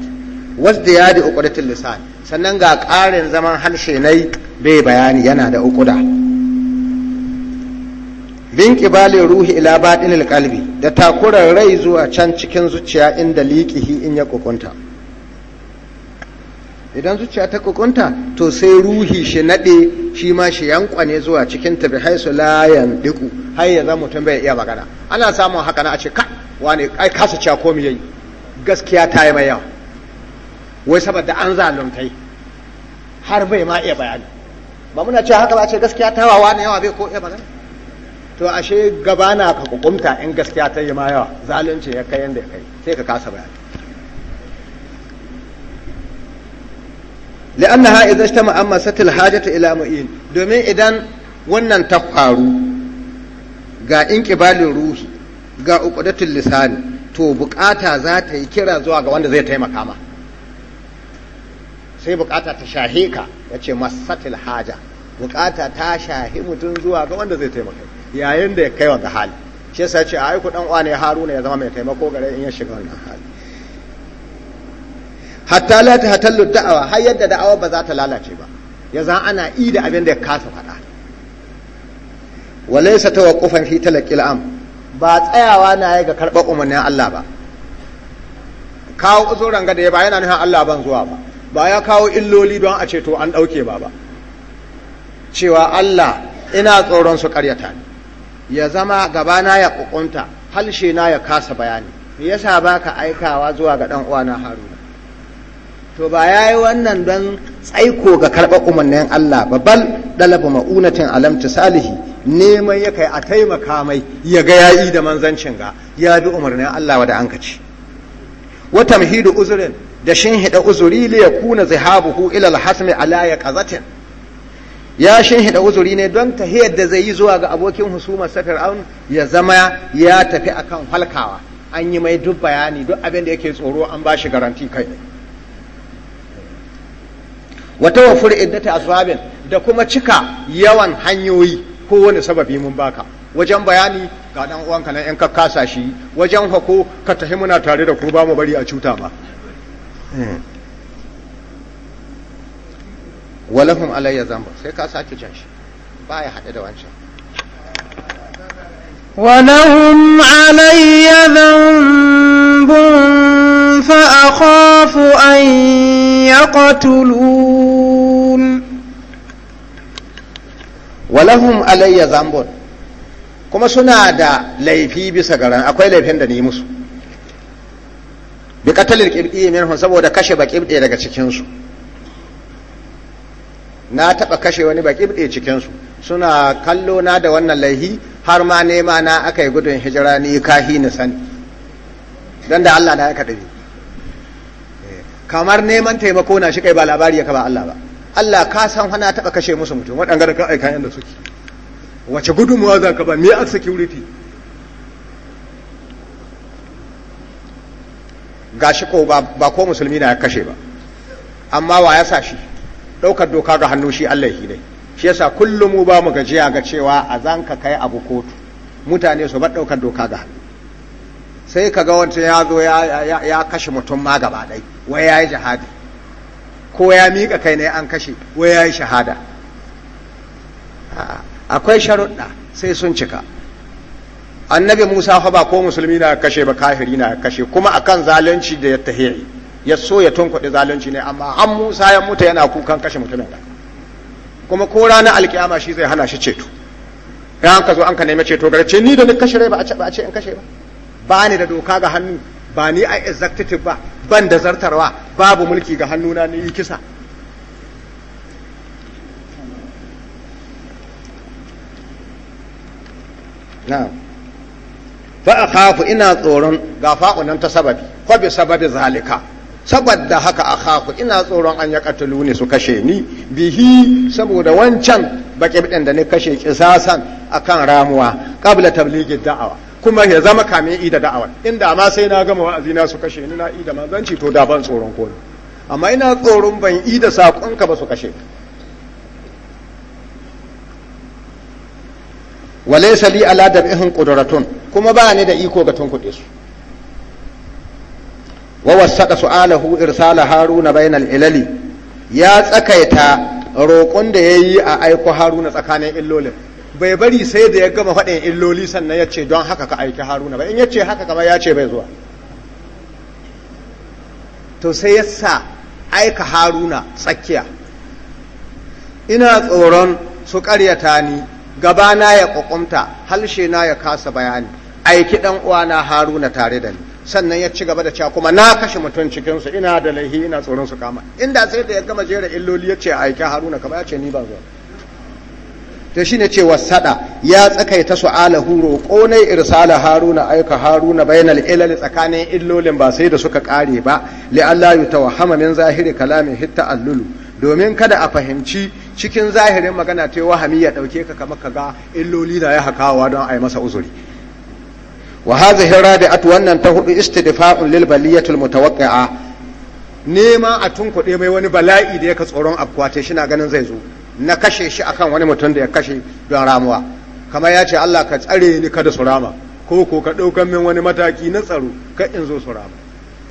da ya da lisan sannan ga ƙarin zaman harshe na bai bayani yana da ukuda bin ƙibalin ruhi ila baɗin kalbi da takurar rai zuwa can cikin zuciya inda liƙihi in ya kukunta idan zuciya ta kukunta to sai ruhi shi naɗe shi ma shi ne zuwa cikin tafi haisu layan diku har ya zama mutum bai iya magana ana samun haka na a ce ka wani ai kasa cewa komi yayi gaskiya ta yi mai yawa wai saboda an zaluntai har bai ma iya bayani ba muna cewa haka ba ce gaskiya ta wawa na yawa bai ko iya bayani to ashe gaba na ka hukumta in gaskiya ta yi ma yawa zalunci ya kai yanda ya kai sai ka kasa bayani li'annaha idza ijtama amma satil hajatu ila mu'in domin idan wannan ta faru ga inqibalin ruhi ga uqdatul lisani to bukata za ta yi kira zuwa ga wanda zai taimaka ma sai bukata ta shahe ka ya ce masatil haja bukata ta shahi mutum zuwa ga wanda zai taimaka yayin da ya kai wanda hali shi sai ce ai ku dan uwane haruna ya zama mai taimako gare in ya shiga wannan hali hatta la ta hatallu da'awa har yadda da'awa ba za ta lalace ba ya za ana i da abin da ya kasa faɗa walaysa tawaqqufan fi talaqil am ba tsayawa na ya ga karɓar umarnin Allah ba kawo uzuran ga ya ba yana nufin Allah ban zuwa ba ba ya kawo illoli don a ce to an ɗauke ba ba cewa Allah ina tsoron su ƙaryata ya zama gabana ya ƙuƙunta halshe na ya kasa bayani me yasa baka aikawa zuwa ga ɗan uwana Haruna to ba yayi wannan don tsaiko ga karɓar umarnin Allah ba bal dalaba ma'unatin alam salihi neman ya kai a taimaka mai ya ga yayi da manzancin ga ya bi umarnin Allah wa da an ci. wa tamhidu uzrin da shin hida uzuri li yakuna zihabuhu ila al-hasmi ala yaqazatin ya shin hida uzuri ne don tahiyar da zai yi zuwa ga abokin husuma sa fir'aun ya zama ya tafi akan halkawa an yi mai duk bayani duk abin da yake tsoro an ba shi garanti kai wata wafur iddata aswabin da kuma cika yawan hanyoyi ko wani sababi mun baka wajen bayani ga dan uwanka nan in ka kasa shi wajen hako ka tahi muna tare da ku ba mu bari a cuta ba Hmm. walahum alayya zamba sai ka sake jan shi ba ya haɗe da wancan alayya zamba fa akhafu an yaqtulun walahum alayya zamba kuma suna da laifi bisa garan akwai laifin da ni musu bi katalil kibdi minhum saboda kashe baqibdi daga cikin su na taba kashe wani baqibdi cikin su suna kallo na da wannan laihi har ma nema na aka yi gudun hijira ni kahi ni sani dan da Allah na aka dabi kamar neman taimako na shi kai ba labari ya ba Allah ba Allah ka san hana taba kashe musu mutum waɗanda ka aika yanda suke wace gudunmuwa za ka ba me a security gashi ko ba ko musulmi na ya kashe ba amma wa ya sa shi ɗaukar doka ga hannu shi Allah yi dai shi yasa kullum mu ba mu gajiya ga cewa a zanka kai abu kotu mutane su bar ɗaukar doka ga hannu sai ka ga wancan ya zo ya kashe mutum ma gaba ɗai wai ya yi jihadi ko ya miƙa kai ne an kashe wai ya yi shahada akwai sharuɗa sai sun cika annabi musa fa ba ko musulmi na kashe ba kafiri na kashe kuma akan zalunci da ya tahiri ya so ya tunkuɗe zalunci ne amma an musa ya mutu yana kukan kashe mutumin da kuma ko ranar alkiyama shi zai hana shi ceto ya an ka zo an ka nemi ceto ce ni da ni kashe rai ba a ce in kashe ba ba ni da doka ga hannu ba ni a executive ba ban da zartarwa babu mulki ga hannuna ni yi kisa na'am fa kafu ina tsoron ga fa'u nan ta sababi fa bi sababi zalika saboda haka akhafu ina tsoron an ya katulu ne su kashe ni bihi saboda wancan baƙi ɗin da ne kashe kisasan akan ramuwa qabla tabligi da'awa kuma ya zama kamin ida da'awa inda ma sai na gama wa'azi na su kashe ni na ida manzanci to da ban tsoron ko amma ina tsoron ban ida sakonka ba su kashe walai sali ala dab'ihin qudraratun kuma ba ni da iko ga tunkuɗe su wa wasaka su'alahu irsala haruna bainal ilali ya tsakaita roƙon da yayi a aiko haruna tsakanin illolin bai bari sai da ya gama faɗin illoli sannan ya ce don haka ka aiki haruna ba in ya ce haka kamar ya ce bai zuwa to sai ya sa aika haruna tsakiya ina tsoron su ƙaryata ni gabana ya kwakwamta halshe na ya kasa bayani aiki dan uwana haruna tare da ni sannan ya ci gaba da cewa kuma na kashe mutum cikinsu ina da laihi ina tsoron su kama inda sai da ya gama jera illoli ya ce aiki haruna kamar ya ce ni ba zuwa to shine cewa sada ya tsakaita su'alahu ko ne irsala haruna aika haruna bainal ilal tsakanin illolin ba sai da suka kare ba li Allah yutawahhama min zahiri kalami hitta allulu domin kada a fahimci cikin zahirin magana ta yi wahami ya ɗauke ka kamar kaga illoli da ya hakawa don a yi masa uzuri wa da atu wannan ta hudu istidfa'un lil baliyatul mutawaqqi'a nema a tunkuɗe mai wani bala'i da yaka tsoron afkwate shi na ganin zai zo na kashe shi akan wani mutum da ya kashe don ramuwa kamar ya ce Allah ka tsare ni kada su rama ko ko ka ɗaukan min wani mataki na tsaro ka in zo su rama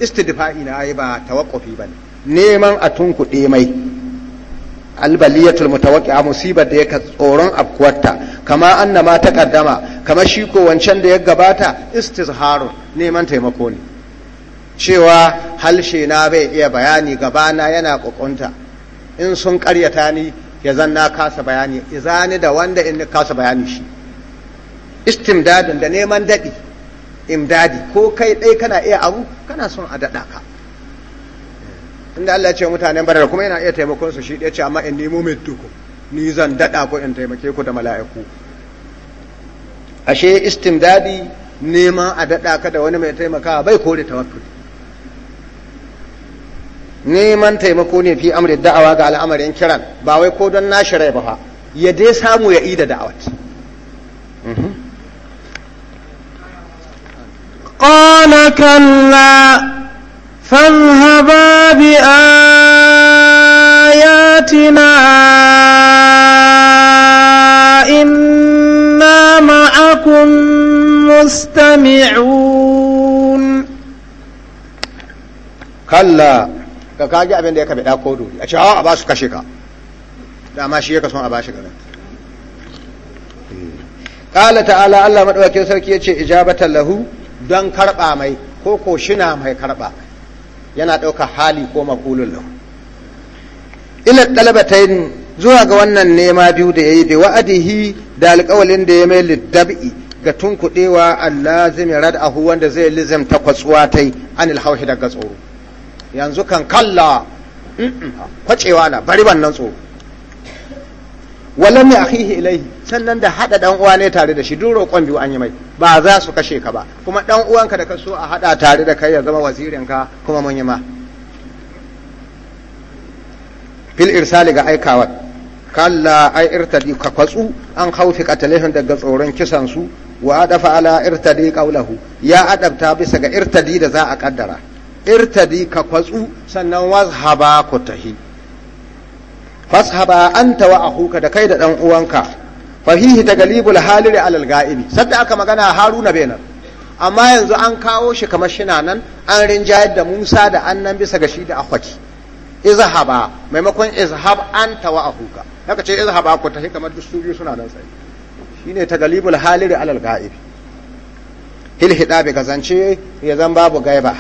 istidfa'i na ayi ba tawaqqufi bane neman a tunkuɗe mai albaliyatul mutawaqqi'a musibar da yake tsoron afkuwarta kama annama taqaddama kama shi ko wancan da ya gabata istizharu neman taimako ne cewa halshe na bai iya bayani gabana yana kokonta in sun karyata ni ya zan na kasa bayani izani da wanda in kasa bayani shi istimdadin da neman dadi imdadi ko kai dai kana iya abu kana son a dada ka inda Allah ya ce mutanen badar kuma yana iya taimakon su shi ya ce amma in nemo duku ni zan dada ku in taimake ku da mala'iku ashe istimdadi nema a dada ka da wani mai taimakawa bai kore tawakkul neman taimako ne fi amri da'awa ga al'amarin kiran ba wai ko don nashi rai ba fa ya dai samu ya ida da'awat قال mhm. كلا فاذهبا بآياتنا إنا معكم مستمعون كلا ka kaji abin da ya kabe ɗako dori a ce a ba kashe ka dama shi ya kason a ba shi garin ƙala ta'ala Allah maɗaukakin sarki ya ce ijabatan lahu don karɓa mai ko koshina mai karɓa yana ɗauka hali ko makulun lahu ila talabatayn zuwa ga wannan nema biyu da yayi bi hi, da alƙawalin da ya mai liddab'i ga tunkuɗewa allazim rad'ahu wanda zai lizam ta kwatsuwa yi an haushi daga tsoro yanzu kan kalla kwacewa na bari wannan tsoro walam ya akhihi ilaihi sannan da haɗa dan uwa ne tare da shi duk roƙon biyu an yi mai ba za su kashe ka ba kuma dan uwanka da ka so a haɗa tare da kai ya zama wazirinka kuma mun yi ma fil irsali ga aikawa kalla ai irtadi ka kwatsu an khawfi qatalihin daga tsoron kisan su wa adafa ala irtadi qawlahu ya adabta bisa ga irtadi da za a kaddara irtadi ka kwatsu sannan wazhaba ku tahi fashaba anta wa ahuka da kai da dan uwanka fahihi ta galibul haliri alal ga'ibi sadda aka magana haruna bena, amma yanzu an kawo shi kamar shina nan an rinjayar da musa da annan bisa ga shi da akwaki izhaba maimakon izhab anta wa ahuka haka ce izhaba ku tafi kamar duk su suna nan tsaye shine ta galibul haliri alal ga'ibi hil hida bi gazance ya zan babu gaiba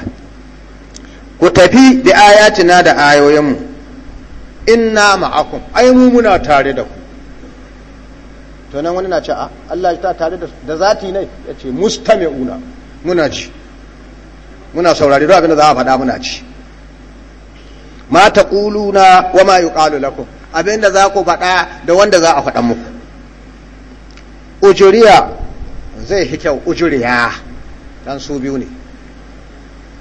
ku tafi da ayatina da ayoyinmu inna ma'akum ai mu muna tare da ku to nan wani na ce a ah, Allah ta tare da zati ne ya ce una muna ji muna saurari duk abin da za a faɗa muna ji ma ƙuluna wa ma ƙalu lakum abin da za ku faɗa da wanda za a faɗa muku ujuriya zai fi kyau ujuriya dan su biyu ne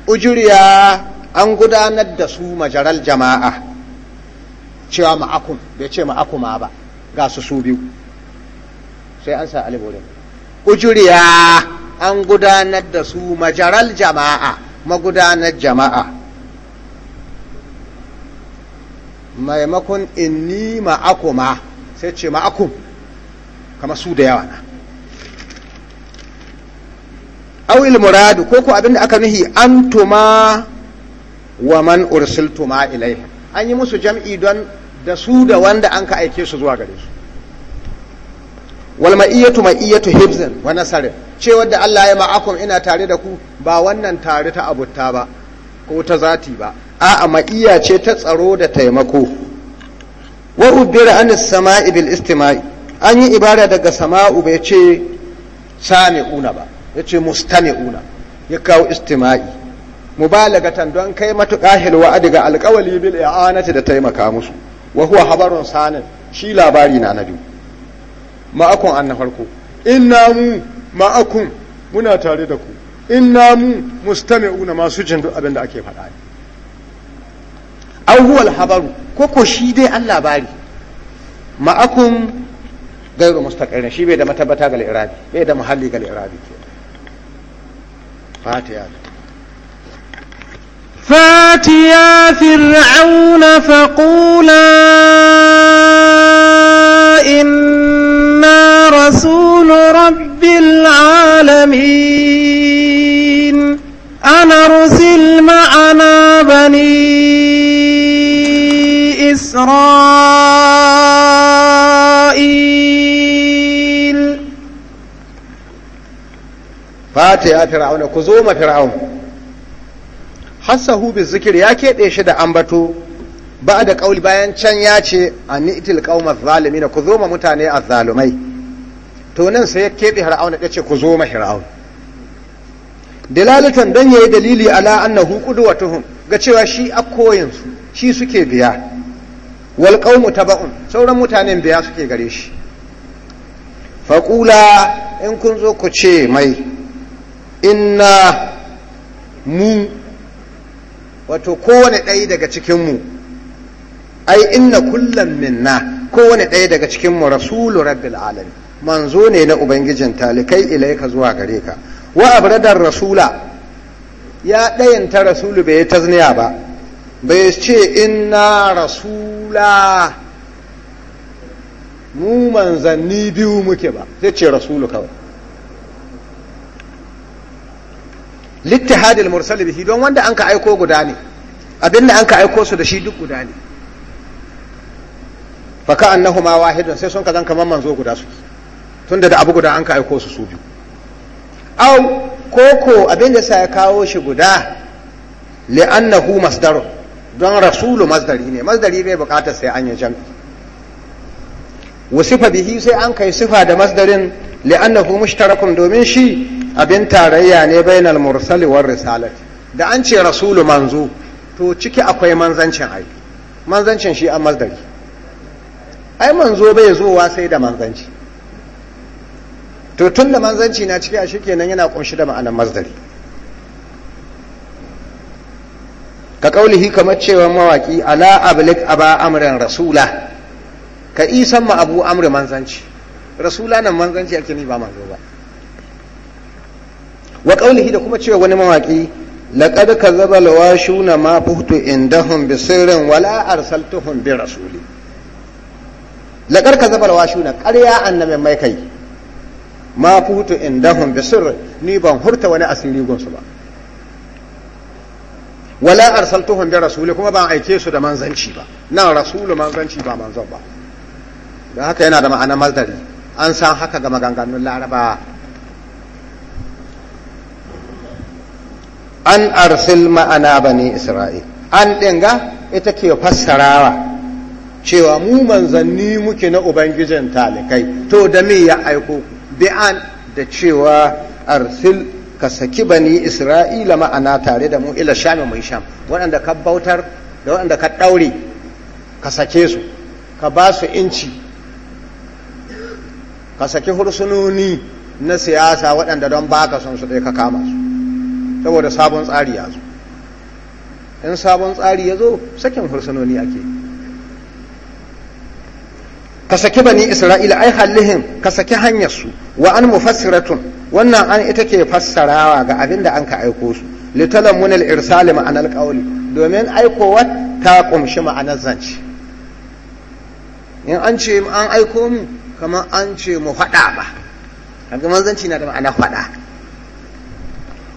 ujuriya an gudanar da su majaral jama'a cewa ma'akum bai ce ma'akuma ba ga su su biyu sai an sa alif wurin ujuriya an gudanar da su majaral jama'a magudanar jama'a maimakon inni ma'akuma sai ce ma'akum kama su da yawa na awil muradu ko ku abinda aka nuhi tuma wa man ursiltuma ilai an yi musu jam'i don da su da wanda an ka aike su zuwa gare su wal ma'iyatu ma'iyatu hibzin wa nasarin ce da Allah ya ma'akum ina tare da ku ba wannan tare ta abutta ba ko ta zati ba a'a ma'iya ce ta tsaro da taimako wa ubira an sama'i bil istima'i an yi ibara daga sama'u bai ce sami'una ba ya ce mustami'una ya kawo istima'i mubalagatan don kai matuƙa hilwa daga alƙawali bil i'anati da taimaka musu wa huwa habarun sanin shi labari na na biyu ma'akon an na farko inna mu ma'akun muna tare da ku inna mu una masu jin duk abin da ake faɗa ne awwal habaru ko ko shi dai an labari ma'akum gairu mustaqirrin shi bai da matabbata ga irabi bai da muhalli ga irabi ke fatiha فاتيا فرعون فقولا إن رسول رب العالمين أنا رسل معنا بني إسرائيل فاتي يا فرعون كزوم فرعون حسه بالذكر يا كيت ايش ده أنبتو بعد قول بيان شن ياتي أن ائتي القوم الظالمين كزوم متاني الظالمين to nan sai ya keɓe har'auna ya ce ku zo ma fir'aun dalalatan don yayi dalili ala annahu qudwatuhum ga cewa shi akkoyin su shi suke biya wal qaumu taba'un sauran mutanen biya suke gare shi faƙula in kun zo ku ce mai inna mu wato kowane ɗaya daga cikinmu ai inna kullum minna kowane ɗaya daga cikinmu rasulu rabbil alamin manzo ne na ubangijin talikai ilaika zuwa gare ka wa abradar rasula ya ɗayanta rasulu bai tazniya ba bai ce inna rasula mu manzanni biyu muke ba zai ce rasulu kawai littihadil mursali bihi don wanda an ka aiko guda ne abin da an ka aiko su da shi duk guda ne faka annahuma wahidun sai sun ka zan kamar manzo guda suke tunda da abu guda an ka aiko su su biyu au koko abin da sa ya kawo shi guda li'annahu masdar don rasulu masdari ne masdari bai bukatar sai an yi jam'i wasifa bihi sai an kai sifa da masdarin li'annahu mushtarakun domin shi abin tarayya ne bainal mursali war risalat da an ce rasulu manzo to ciki akwai manzancin ai manzancin shi an masdari ai manzo bai zowa sai da manzanci to tun da manzanci na ciki a shi kenan yana kunshi da ma'anar mazdari ka kaulihi kamar cewa mawaki ala ablik aba amran rasula ka isan ma abu amri manzanci rasula nan manzanci ake ni ba manzo ba wa kaulihi da kuma cewa wani mawaki laqad kazzaba lawashuna ma fuhtu indahum bi sirrin wala arsaltuhum bi rasuli laqad kazzaba lawashuna ƙarya annabi mai kai ma futu indahum bi sirr ni ban hurta wani asiri gonsu ba wala arsaltuhum bi rasuli kuma ban aike su da manzanci ba nan rasulu manzanci ba manzon ba da haka yana da ma'ana mazdari an san haka ga maganganun laraba an arsil ma'ana bani isra'il an dinga ita ke fassarawa cewa mu manzanni muke na ubangijin talikai to da me ya aiko ku bi'an da cewa arsil ka saki bani isra'ila ma'ana tare da mu ila sham mai sham waɗanda ka bautar da waɗanda ka ɗaure ka sake su ka ba su inci ka saki hursunoni na siyasa waɗanda don baka son su ɗaya ka kama su saboda sabon tsari ya zo in sabon tsari ya zo sakin hursunoni ake yi ka saki bani isra'ila ai halihin ka saki hanyar su wa an mufassiratun wannan an ita ke fassarawa ga abin da an ka aiko su litalamun al-irsali ma'anar qawli domin wat ta kumshi ma'anar zance in an ce an aiko mu kamar an ce mu faɗa ba kaga manzanci na da ma'anar faɗa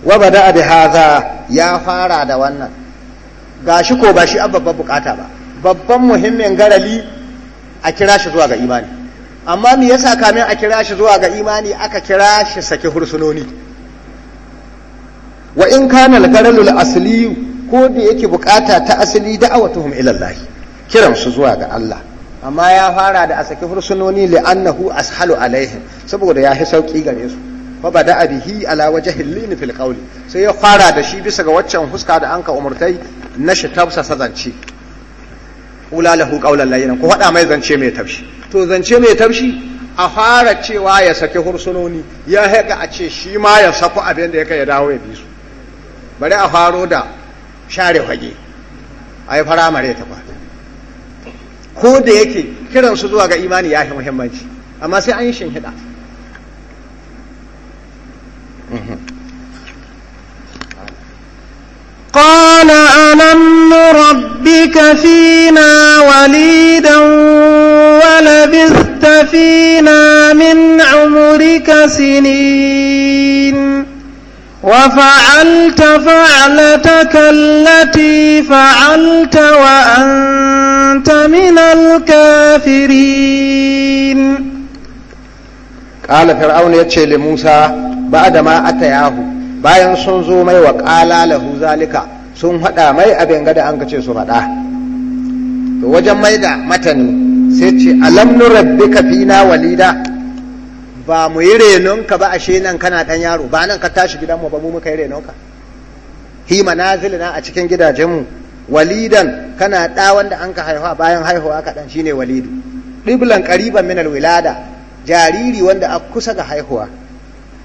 wa bada bi haza ya fara da wannan gashi ko ba shi abba bukata ba babban muhimmin garali a kira shi zuwa ga imani amma me yasa kamin a kira shi zuwa ga imani aka kira shi saki hursunoni wa in kana al-garalul asli ko da yake bukata ta asali da'awatuhum ila Allah kiran su zuwa ga Allah amma ya fara da a saki hursunoni li'annahu ashalu alaihim saboda ya fi sauki gare su fa bada bihi ala wajhi lin fil qawli sai ya fara da shi bisa ga waccan huska da anka umurtai na shi tabsa sazanci ulalahu lahu qawlan layyinan ku faɗa mai zance mai tafshi. to zance mai tafshi, a fara cewa ya saki hursunoni ya haka a ce shi ma ya saku abin da ya kai ya dawo ya bi su bari a faro da share fage a yi mare ta kwata ko da yake kiransu zuwa ga imani ya fi muhimmanci amma sai an yi shinhiɗa قال ألم نربك فينا وليدا ولبثت فينا من عمرك سنين وفعلت فعلتك التي فعلت وأنت من الكافرين قال فرعون يتشي لموسى بعدما أتياه bayan sun zo mai wa ƙala lahu zalika sun haɗa mai abin gada an kace su faɗa to wajen mai da matani sai ce alam rabbika fina walida ba mu yi renonka ba ashe nan kana ɗan yaro ba nan ka tashi gidanmu ba mu muka yi renonka hi manazilina a cikin gidajenmu walidan kana ɗa wanda an ka haihuwa bayan haihuwa kaɗan shine walidu ɗiblan ƙariban minal wilada jariri wanda a kusa ga haihuwa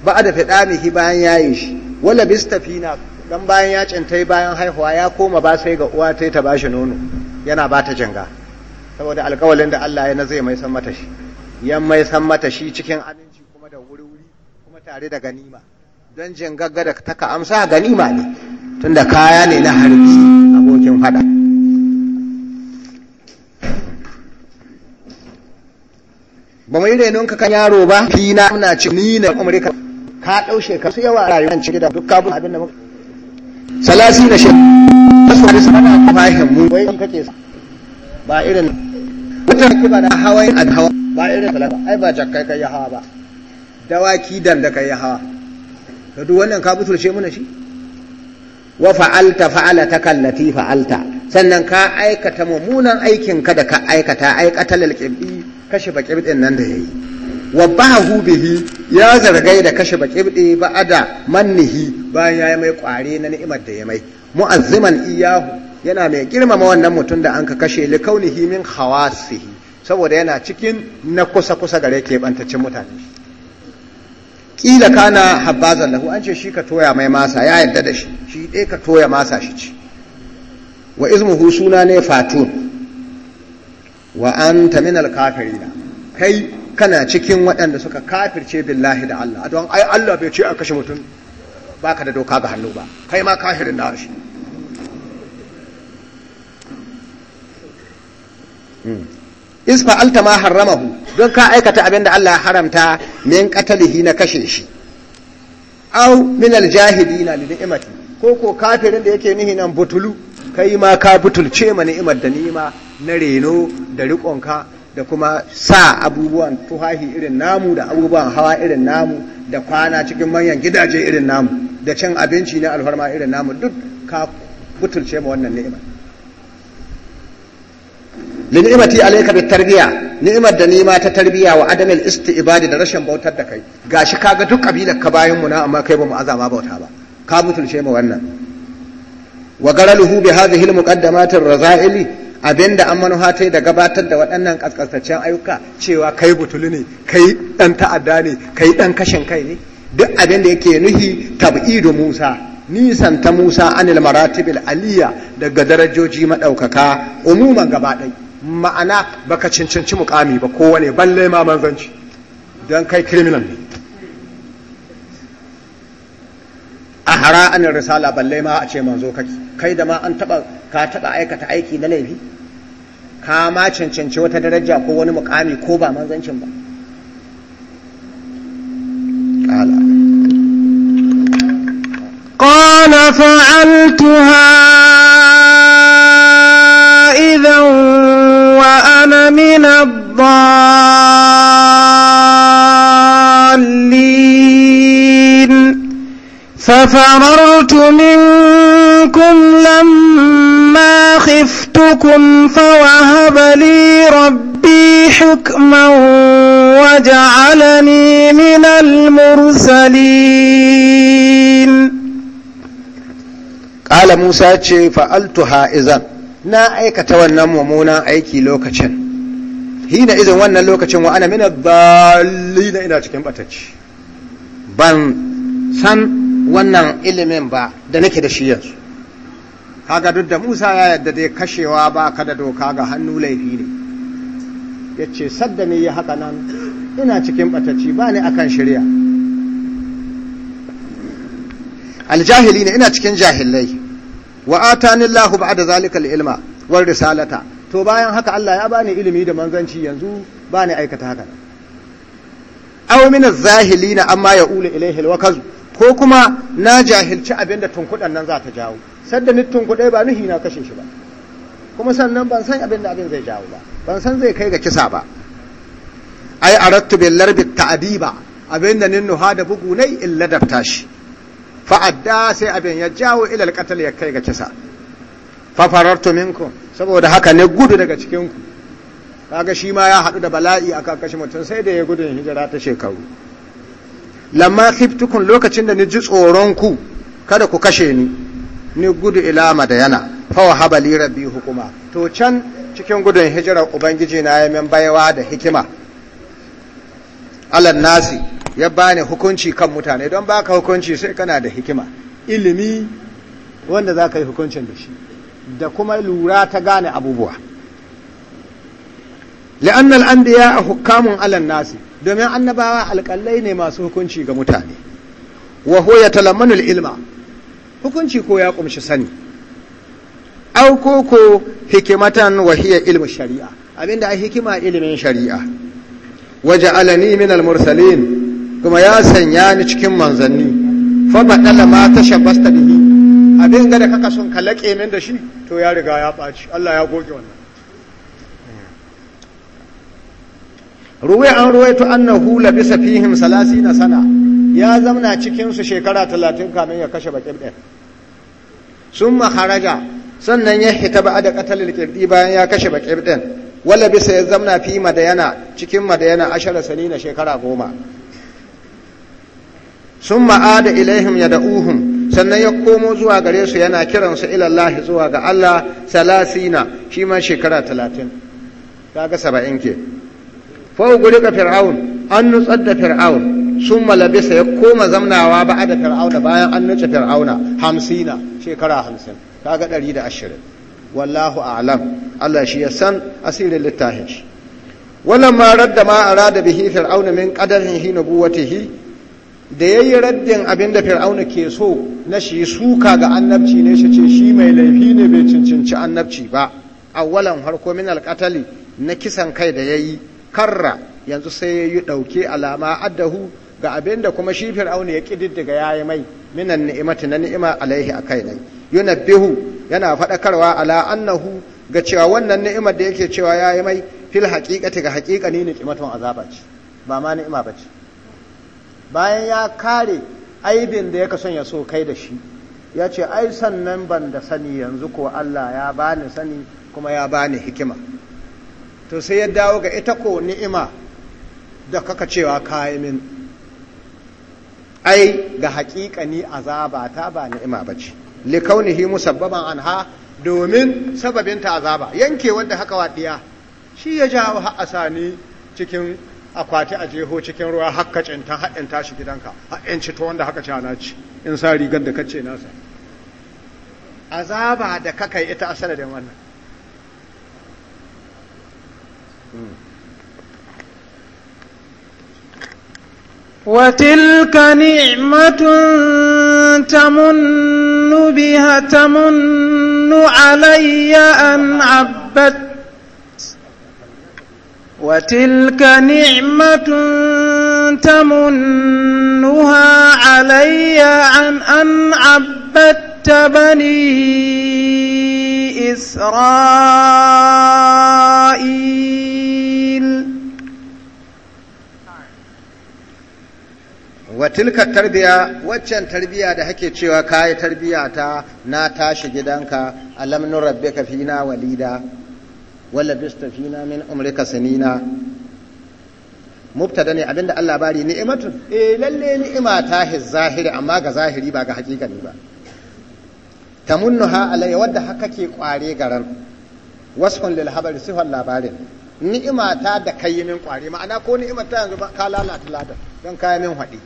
ba a da fiɗamihi bayan yayi shi wala Fina dan bayan ya cintai bayan haihuwa ya koma ba sai ga uwa ta ta bashi nono yana ba ta janga saboda alkawalin da Allah ya na zai mai san mata shi yan mai san mata shi cikin aminci kuma da wuri wuri kuma tare da ganima don jingagga da taka amsa ganima ne tunda kaya ne na harbi abokin fada ba mai renon ka kan yaro ba fina muna ci ni na amurka ka ɗau shekaru su yawa rayuwar ciki da duk kabu abin da muka salasi na shekaru su a kuma fahim mu wai kan kake ba irin wata ba da hawayin ad hawa ba irin salasa ai ba jakkai kai ya hawa ba dawaki dan da kai ya hawa to duk wannan ka butulce muna shi wa fa'alta fa'alata kallati fa'alta sannan ka aikata mummunan aikin ka da ka aikata aikatal qibdi kashe baqibdin nan da yayi wa bihi ya zargai da kashe ba ada mannihi bayan ya yi mai kware na ni'imar da ya mai mu'azziman iyahu yana mai girmama wannan mutum da an ka kashe li kaunihi min khawasihi saboda yana cikin na kusa kusa gare ke bantaccen mutane kila kana habbazan lahu an ce shi ka toya mai masa ya yadda da shi shi dai ka toya masa shi ci wa ismuhu suna ne fatun wa anta min al kai kana cikin waɗanda suka kafirce billahi da Allah don ai Allah bai ce a kashe mutum baka da doka ga hannu ba kai ma kafirin na shi hmm. is fa'alta ma harramahu don ka aikata abin da Allah haramta min qatalihi na kashe shi aw min na li ni'mati ko ko kafirin da yake nihi nan butulu kai ma ka butulce ma ni'imar da nima na reno da rikonka. da kuma sa abubuwan tuhahi irin namu da abubuwan hawa irin namu da kwana cikin manyan gidaje irin namu da cin abinci na alfarma irin namu duk ka butulce ma wannan ni'ima li ni'imati alayka bit tarbiya ni'imar da nima ta tarbiya wa adamil isti'badi da rashin bautar da kai gashi kaga duk kabilar ka bayin mu na amma kai ba mu azama bauta ba ka butulce ma wannan wa garaluhu bi hadhihi al muqaddamatir raza'ili Abin da an yi da gabatar da waɗannan ƙasƙasaccen ayyuka cewa kai butulu ne kai ɗan ta'adda ne kai ɗan kashin kai ne duk abin da yake nuhi tab'idu musa nisan ta musa anil maratibil aliyya daga darajoji maɗaukaka umuman gaba ɗai ma'ana baka cancanci mukami ba kowane balle ma manzanci don kai criminal ne a hara anin risala balle ma a ce manzo kake kai da ma an taba ka taba aikata aiki na laifi ka ma cancanci wata daraja ko wani mukami ko ba manzancin ba idan wa ana min من dallin ففررت منكم لما خفتكم فوهب لي ربي حكما وجعلني من المرسلين قال موسى فعلتها إذا na aikata wannan mummunan aiki lokacin hina izin wannan lokacin wa ana mina dalilina ina cikin batacci ban san wannan ilimin ba da nake da shi yanzu kaga duk da Musa ya yadda dai kashewa ba ka da doka ga hannu laifi ne ya ce sadda ne ya haka nan ina cikin ɓatacci ba ne akan shirya aljahili ne ina cikin jahilai wa atani Allahu ba'da zalika ilma wal risalata to bayan haka Allah ya bani ilimi da manzanci yanzu bani aikata haka aw min az-zahilina amma ya ya'ulu ilayhi al-wakazu ko kuma na jahilci abin da tunkuɗan nan za ta jawo sadda ni tunkuɗai ba nuhi na kashe shi ba kuma sannan ban san abin da abin zai jawo ba ban san zai kai ga kisa ba ai arattu bil larbi ta'diba abin da ninnu nuha da bugu nai in ladabta shi fa'adda sai abin ya jawo ilal qatl ya kai ga kisa fa farartu minkum saboda haka ne gudu daga cikin ku kaga shi ma ya haɗu da bala'i a kashe mutum sai da ya gudun hijira ta shekaru lamma khiftukum lokacin da ni ji tsoron ku kada ku kashe ni ni gudu ila madayana fa wa habali rabbi hukuma to can cikin gudun hijira ubangiji na min baiwa da hikima alan nasi ya bani hukunci kan mutane don baka hukunci sai kana da hikima ilimi wanda za ka yi hukuncin da shi da kuma lura ta gane abubuwa li'annal anbiya hukamun alan nasi domin annabawa alƙallai ne masu hukunci ga mutane wa huwa talamanul ilma hukunci ko ya kumshi sani au ko ko hikimatan wa hiya ilmu shari'a abinda ai hikima ilimin shari'a waja'alani min al-mursalin kuma ya sanya ni cikin manzanni fa badala ma tashabbasta bihi abin ga da kaka son ka laƙe min da shi to ya riga ya ɓaci Allah ya goge wannan ruwai an ruwaito hula bisa fihim na sana ya zamna cikinsu shekara talatin kamin ya kashe bakin ɗin sun maharaja sannan ya hita ba da katalil ƙirɗi bayan ya kashe bakin ɗin wala bisa ya zamna fi madayana cikin madayana ashara na shekara goma sun ma'ada ilaihim ya da uhun, sannan ya komo zuwa gare su yana kiransu ilallahi zuwa ga Allah salasina shi ma shekara talatin kaga saba'in ke Fa'u fawgulika fir'aun an nutsar da fir'aun sun malabisa ya koma zamnawa ba da fir'auna bayan an nutsa fir'auna hamsina shekara hamsin kaga ɗari da ashirin wallahu a'lam Allah shi ya san asirin littafin shi wannan ma radda ma arada bihi fir'auna min qadarin hi nubuwatihi da yayi raddin abinda fir'auna ke so na shi suka ga annabci ne shi ce shi mai laifi ne bai cincinci annabci ba awwalan harko min alqatali na kisan kai da yayi karra yanzu sai ya yi ɗauke alama addahu ga abin da kuma shi fir'auna ya ƙididdiga ya yi mai minan ni'imati na ni'ima alaihi a kai nai yunabbihu yana faɗakarwa ala annahu ga cewa wannan ni'imar da yake cewa ya yi mai fil haƙiƙati ga haƙiƙa ni ni'imatun azaba ce ba ma ni'ima ba ce bayan ya kare aibin da ya son ya so kai da shi ya ce ai sannan ban da sani yanzu ko Allah ya bani sani kuma ya bani hikima to sai ya dawo ga ita ko ni'ima da kaka cewa kayi min ai ga ni azaba ta ba ni'ima ba ce likaunihi musabbaban anha domin sababin ta azaba yanke wanda haka waɗiya shi ya jawo ha'asani cikin akwati a jeho cikin ruwa haka cinta haɗin tashi gidanka haɗin cito wanda haka ci ana ci in sa rigar da kace nasa azaba da kakai ita a sanadin wannan وتلك نعمة تمن بها تمن علي أن عبدت وتلك نعمة تمنها علي عن أن عبدت بني إسرائيل wa tilka tarbiya waccan tarbiya da hake cewa kayi tarbiya ta na tashi gidanka alam nurabbika fina walida wala bista fina min umrika sanina mubtada ne abinda Allah bari ni'imatu eh lalle ni'ima ta zahiri amma ga zahiri ba ga hakika ne ba tamunnuha alayya wadda haka ke kware garan wasfun lil habari sifan labarin ni'ima ta da kayyimin kware ma'ana ko ni'imata yanzu ba ka lalata ladan don kayamin haɗi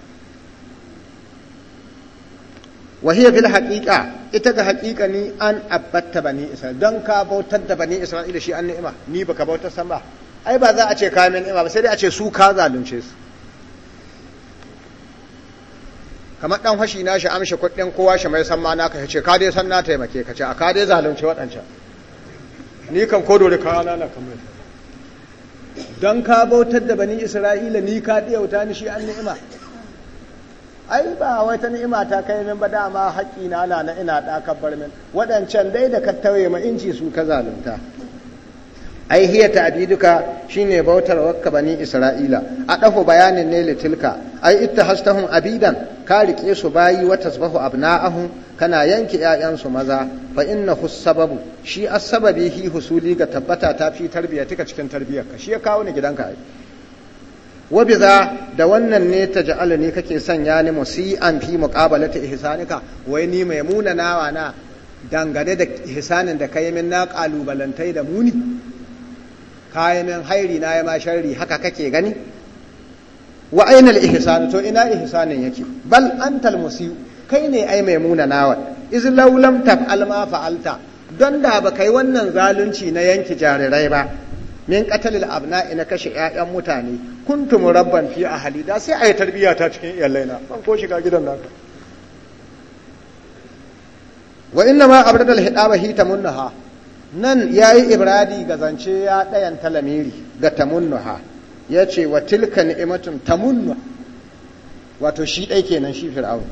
wa hiya fil haqiqa ita ga haqiqa ni an abbatta bani isra'il don ka bautar da bani isra'il shi an ni'ima ni baka bautar san ba ai ba za a ce ka min ni'ima ba sai dai a ce su ka zalunce su kamar dan fashi na shi amshi kuɗin kowa shi mai san ma naka ce ka dai san na taimake ka ce a ka dai zalunce waɗancan ni kan ko dole ka na kamar don ka bautar da bani isra'ila ni ka ɗiyauta ni shi an ni'ima ai ba wata ni'ima ta kai min ba dama haƙƙi na na na ina ɗakar bar min waɗancan dai da ka tauye ma inci su ka zalunta ai hiya ta'biduka shine bautar wakka bani isra'ila a dafu bayanin ne litilka ai hastahun abidan ka rike su bayi wa tasbahu abna'ahum kana yanke 'ya'yansu maza fa innahu sababu shi as-sababi hi husuli ga tabbata ta fi tuka cikin tarbiyarka shi ya kawo ni gidanka ai wa da wannan ne ta ja'ala ne kake sanya ni musi'an fi muqabalati ihsanika wai ni mai munanawa na dangane da ihsanin da kai min na kalubalantai da muni kayan min hairi na ya ma sharri haka kake gani wa ainal ihsanu to ina ihsanin yake bal antal musiu kai ne ai mai munanawa iz law lam taf'al ma fa'alta don da ba kai wannan zalunci na yanki jarirai ba min qatalil abna'i na kashe 'ya'yan mutane kuntu murabban fi ahli da sai ayi tarbiya ta cikin iyalaina ban ko shiga gidan naka wa inna ma abradal hidaba hi tamunnaha nan yayi ibradi ga zance ya dayan talamiri ga tamunnaha yace wa tilka ni'matun tamunna wato shi dai kenan shi fir'aun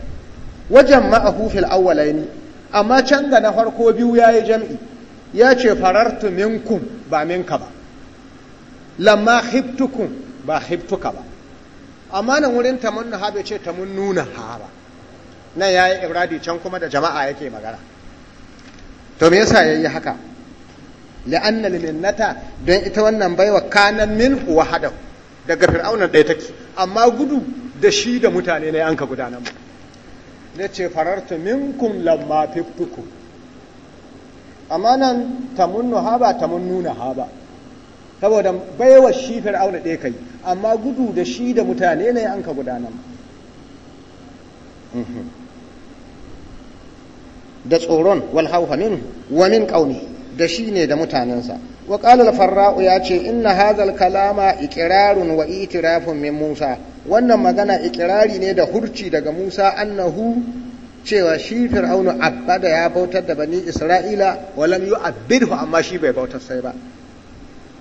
wajen ma'ahu fil awwalaini amma can ga na farko biyu yayi jam'i yace farartu minkum ba minka ba lamma khiftukum ba hiftuka ba amma nan wurin tamunnu ha bai ce nuna ha ba nan yayi iradi can kuma da jama'a yake magana to me yasa ya yi haka li'anna liminnata don ita wannan baiwa kanan min wa daga fir'auna ɗaya take amma gudu da shi da mutane ne yanka gudanar ba. Na ce farartu minkum lamma fiftuku amma nan tamunnu nuna tamunnuna saboda baiwa shi fir'auna ɗaya kai amma gudu da shi da mutane ne an ka gudanar mhm. da tsoron wal min wa min da shi ne da mutanensa wa farra'u ya ce inna hazal kalama iƙirarin wa itirafin min Musa wannan magana ikirari ne da hurci daga Musa annahu cewa shi fir'aunu abada ya bautar da bani isra'ila walam yu'abbidu amma shi bai bautar sai ba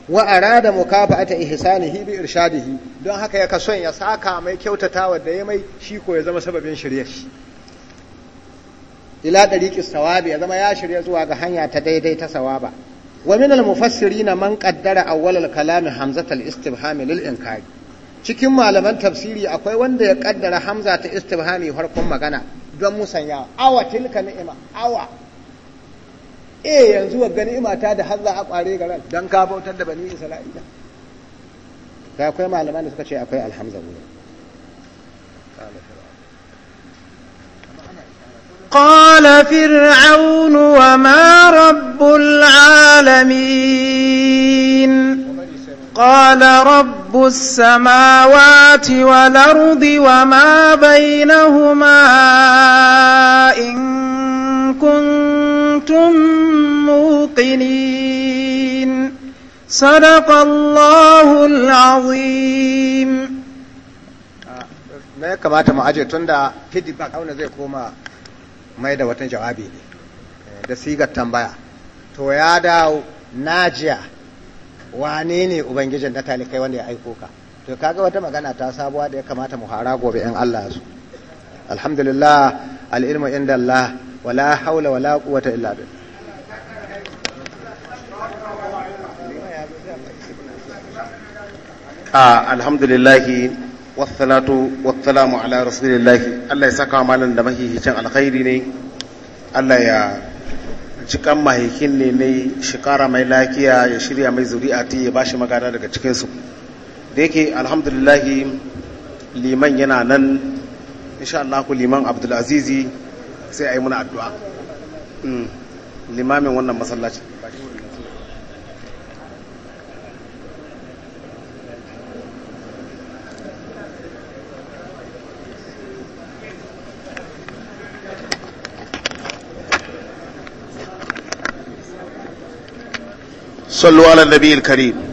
wa arada mukafa'ata ihsanihi bi irshadihi don haka ya son ya saka mai kyautatawa da ya mai shi ko ya zama sababin shirye shi ila dariqi sawabi ya zama ya shirya zuwa ga hanya ta daidai ta sawaba wa min al mufassirina man qaddara awwal al kalam hamzat al istibham lil cikin malaman tafsiri akwai wanda ya kaddara hamza ta istibhami farkon magana don musanya awa tilka ni'ima awa eh yanzu wa gani imata da har za a kware garan dan ka bautar da bani isra'ila ga akwai malaman da suka ce akwai alhamza قال فرعون وما رب العالمين قال رب السماوات وما بينهما كنتم موقنين صدق الله العظيم na ya kamata mu ajiye tun da feedback auna zai koma mai da watan jawabi ne eh, da sigar tambaya to ya dawo najiya ubangijin na talikai wanda ya aiko ka to kaga wata magana ta sabuwa da ya kamata mu hara gobe in Allah ya so alhamdulillah al'ilmu inda Allah wala haula wala quwwata illa billah a ah, alhamdulillahi wassalatu wassalamu ala rasulillahi Allah ya saka malam da mahihicin alkhairi ne Allah ya cikan mahikin ne ne shi mai lafiya ya shirya mai zuri'ati ya bashi magana daga cikinsu da yake alhamdulillahi liman yana nan insha Allah liman abdulazizi sai a yi muna addu'a limamin wannan masallaci صلوا على النبي الكريم